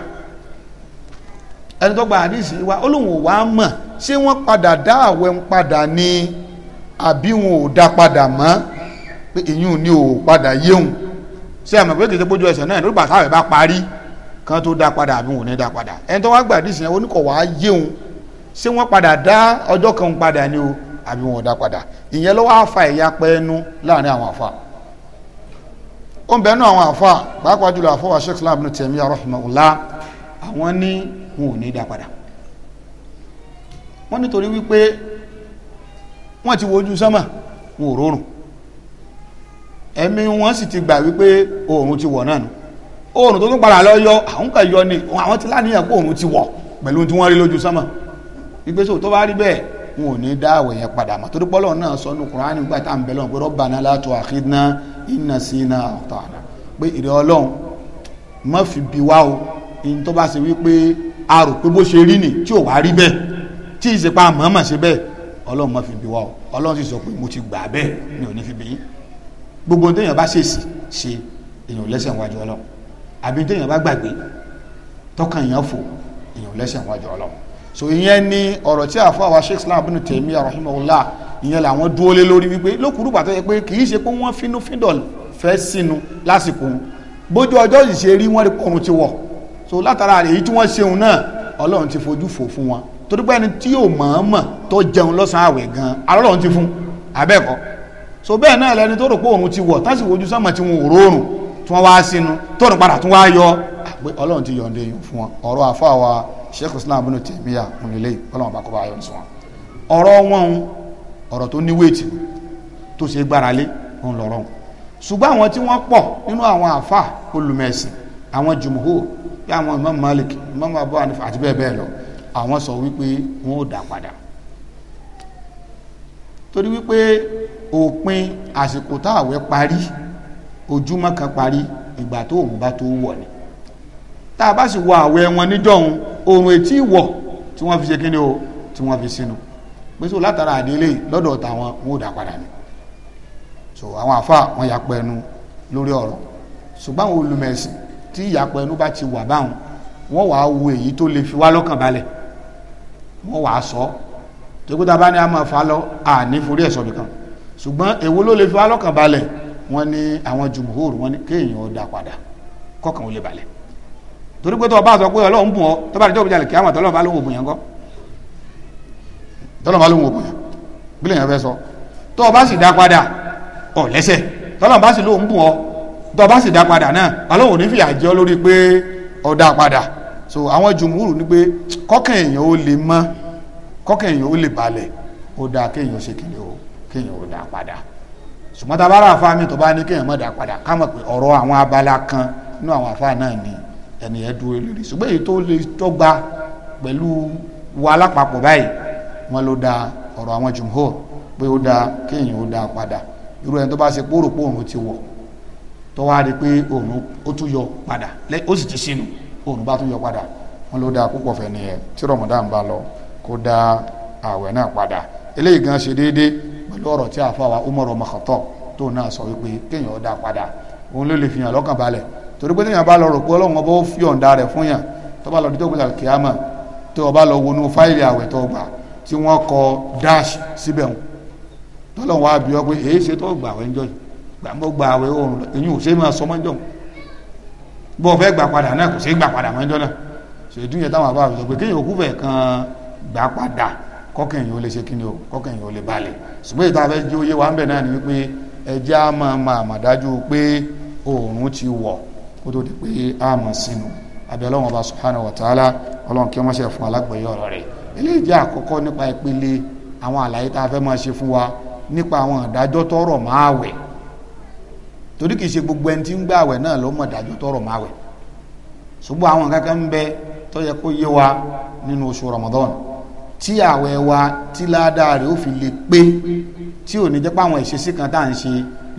ẹni tó gba àdìsí wa ó lóun ò wá mọ̀ ṣé wọ́n padà dá àwẹ̀ ń padà ni àbí wọn ò dá padà mọ́ pé ìyún ni ò padà yéhùn ṣé àmọ̀ pé tètè bójú ẹsẹ̀ náà ló gbà táwọn ẹ̀ bá parí kan tó dá padà àbí wọn ò ní dá padà ẹni tó wá gba àdìsí yẹn oníkọ̀ wá yéhùn ṣé wọ́n padà dá ọjọ́ kan padà ni o àbí wọn ò dá padà ìyẹn ló wá fa ìyapẹ́ ẹnu láàrin àwọn àfa ó ń bẹ́ẹ̀ náà àwọn àfa pàápàá jùlọ àfọwọ́ Sheikh Islam Ibn Taymiyyah rahimahullah àwọn ní wọn ò ní dá padà wọ́n nítorí wípé wọ́n ti wojú sánmà wọn ò rọrùn ẹ̀mí wọn sì ti gbà wípé oòrùn ti wọ̀ náà nù oòrùn tó tún padà lọ yọ àwọn kan yọ ni àwọn ti láníyàn pé oòrùn ti wọ̀ pẹ̀lú tí wọ́n rí lójú sánmà wípé sóò tó bá rí bẹ́ẹ̀ wọn ò ní dá àwẹ̀ yẹn padà mọ́ torí pọ́lọ́ náà sọ ní Kùránì nígbà tá à ń bẹ lọ́n pé Rabbana la tu'akhidhna in nasina ọ̀tọ̀ àná pé ìrẹ́ Ọlọ́run má fi bi wá o ní tó bá ṣe wípé a rò pé bó ṣe rí ni tí ò wá rí bẹ́ẹ̀ tí ìsèpá mọ̀ọ́mọ̀ ṣe bẹ́ẹ̀ ọlọ́run má fi bí wa o ọlọ́run sì sọ pé mo ti gbà bẹ́ẹ̀ mi ò ní fi bí yín gbogbo ohun téèyàn bá ṣèṣì ṣe èèyàn lẹ́sẹ̀ wájú ọlọ́run àbí téèyàn bá gbàgbé tọkàn èèyàn fò èèyàn lẹ́sẹ̀ wájú ọlọ́run so ìyẹn ni ọ̀rọ̀ tí àfọ àwa sheikh islam ibn Taymiya rahimahullah ìyẹn làwọn dúró lé lórí wípé lókùrúgbà tó yẹ pé kì í ṣe pé wọ́n fínú fíndọ̀ fẹ́ sínú lásìkò bójú ọjọ́ yìí rí wọ́n rí pọ̀run ti wọ̀ so látara èyí tí wọ́n ṣeun náà ọlọ́run ti fojú fò fún wọn torí pé ẹni tí yóò mọ̀ọ́mọ̀ tó jẹun lọ́sàn-án àwẹ̀ gan arọ́lọ́run ti fún abẹ́ẹ̀kọ́ so bẹ́ẹ̀ náà lẹni tó rò pé òun ti wọ̀ tá sì wojú sánmọ̀ tí wọn ò róòrùn tí wọ́n wá sínú tó rìn padà tí wọ́n á yọ àpé ọlọ́run ti yọ̀ǹde yìí fún wọn ọ̀rọ̀ àfọ́ àwa sheikh islam ibn taymiya onílé ọlọ́run bá kọ́ bá yọ̀ sí wọn ọ̀rọ̀ wọn ọ̀rọ̀ tó ní wéètì tó ṣe gbára lé òun lọ́rọ̀ ṣùgbọ́n àwọn tí wọ́n pọ̀ nínú àwọn àfà olùmẹ̀sìn àwọn jùmùhù bí àwọn imam malik imam abu hanifa àti bẹ́ẹ̀ bẹ́ẹ̀ lọ àwọn sọ wípé wọn ò dá padà torí wípé òpin àsìkò táàwẹ̀ parí ojúmọ́ kan parí ìgbà tó òun bá tó wọ̀ ni tá a bá sì wọ àwẹ̀ wọn níjọ́hun oòrùn etí wọ̀ tí wọ́n fi ṣe kíni o tí wọ́n fi sínú pèsè látara àdélé lọ́dọ̀ tàwọn wọn ò dá padà ni so àwọn àfa wọn yà pẹnu lórí ọ̀rọ̀ ṣùgbọ́n àwọn olùmẹ̀sìn tí ìyàpọ̀ ẹnu bá ti wà báwọn wọ́n wàá wo èyí tó lè fi wá lọ́kàn balẹ̀ wọ́n wàá sọ tòkúta bá ní a máa fa lọ àní forí ẹ̀sọ́ nìkan ṣùgbọ́n èwo ló lè fi wá lọ́kàn balẹ̀ wọ́n ní àwọn jùmùhóòrù wọ́n ní kéèyàn ó dá padà kọ́kàn ó lè balẹ̀ torí pé tó o bá sọ pé ọlọ́run bùn ọ tó bá dìjọ́ ìjàlè kí àwọn tọ́lọ́ bá lóhùn òbùn yẹn kọ́ tọ́lọ́ bá lóhùn òbùn yẹn bílẹ̀ yẹn fẹ́ sọ tó o bá sì dá padà ọ̀ lẹ́sẹ̀ tọ́lọ́ sì lóhùn bùn ọ tó bá sì dá padà náà alóhùn ní fìyà lórí pé ọ̀dà padà so àwọn jùmúrù ni pé kọ́kàn èèyàn ó lè mọ́ kọ́kàn èèyàn ó lè balẹ̀ ó dáa kéèyàn ṣe kìnìún o kéèyàn ó dá padà ṣùgbọ́n tá a bá rà àfa mi tó bá ní kéèyàn má dá padà ká mọ̀ pé ọ̀rọ̀ àwọn abala kan nínú àwọn àfa náà ni ẹni ẹ dúró lórí ṣùgbọ́n èyí tó lè tọ́gba pẹ̀lú wa alápapọ̀ báyìí wọn ló da ọ̀rọ̀ àwọn jùmọ̀ pé ó dáa kéèyàn ó dá padà irú ẹni tó bá ṣe pòròpòrò ti wọ̀ tó wá rí pé òòrùn ó tún yọ padà ó sì ti sínú òòrùn bá tún yọ padà wọn ló dáa púpọ̀ fẹ́ nìyẹn tí Ramadan bá lọ kó dá ààwẹ̀ náà padà eléyìí gan ṣe déédéé pẹ̀lú ọ̀rọ̀ tí àfàwà Umar ọmọ Khattab tó náà sọ wípé kéèyàn dá padà òun ló lè fi hàn lọ́kàn balẹ̀ torí pé téèyàn bá lọ rò pé ọlọ́run ọba ó fi ọ̀ǹda rẹ̀ fún yàn tó bá lọ dídó gbé làkìyàmà tó bá lọ wọnú fáìlì àwẹ̀ tó gbà tí wọ́n kọ dash síbẹ̀ wọn tọ́lọ́run wá bí ọ pé èyí ṣe tó gbà wẹ́ńjọ́ gbàmọ́ gba àwẹ̀ òun èyí ò ṣe máa sọ mọ́jọ́ bó o fẹ́ gbà padà náà kò ṣe é gbà padà mọ́jọ́ náà ṣèdú yẹn táwọn àbá sọ pé kéèyàn òkú fẹ̀ kan gbà padà kọ́kẹ́yìn ò lè ṣe kíni o kọ́kẹ́yìn ò lè balẹ̀ ṣùgbọ́n ìta fẹ́ jẹ́ oyé wa ń bẹ̀ náà ni wípé ẹjẹ́ á máa máa mà dájú pé oòrùn ti wọ̀ kó tó di pé á mọ̀ sínú abẹ́ ọlọ́run ọba subhanahu wa ta'ala ọlọ́run kí wọ́n ṣe fún alágbèyẹ ọ̀rọ̀ rẹ̀ eléyìí jẹ́ àkọ́kọ́ nípa ìpele àwọn àlàyé tá a fẹ́ máa ṣe fún wa nípa àwọn ìdájọ́ tọrọ máa wẹ̀ torí kìí ṣe gbogbo ẹni tí ń gbà àwẹ̀ náà ló mọ̀ dájú tọrọ máa wẹ̀ ṣùgbọ́n àwọn kankan ń bẹ tó yẹ kó yé wa nínú oṣù Ramadan tí àwẹ̀ wa tí ládàá rẹ̀ ó fi lè pé tí ò ní jẹ́ pé àwọn ìṣesí kan tá à ń ṣe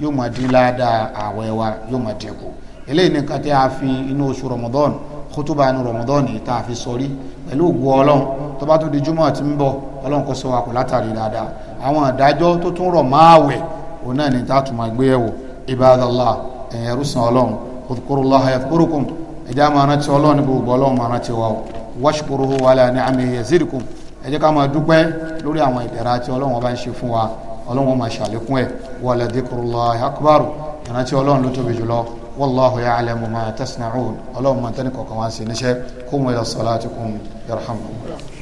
yóò máa dín ládàá àwẹ̀ wa yóò máa dínkù eléyìí nìkan tí a fi inú oṣù Ramadan kútúbà inú Ramadan yìí tá a fi sọrí pẹ̀lú ògbó ọlọ́run tó bá tún di júmọ̀ tí ń bọ̀ ọlọ́run kó sọ wa kò látàrí dáadáa àwọn ìdájọ́ tó tún rọ̀ máa wẹ̀ òun náà ni tá a tún máa gbé yẹ̀wò ibadallah ẹ̀yin ẹrú sàn ọlọ́run udhkurullaha yadhkurukum ẹ̀já máa rántí ọlọ́run níbi gbogbo ọlọ́run máa rántí wa o washkuruhu wala ni'amihi yazidukum ẹ jẹ́ ká máa dúpẹ́ lórí àwọn ìdẹ̀ra tí ọlọ́run ọba ń ṣe fún wa ọlọ́run máa ṣàlékún ẹ̀ wala dhikrullahi akbaru ìrántí ọlọ́run ló tóbi jùlọ wallahu ya'lamu ma tasna'un ọlọ́run máa tẹ́nìkọ̀ọ̀kan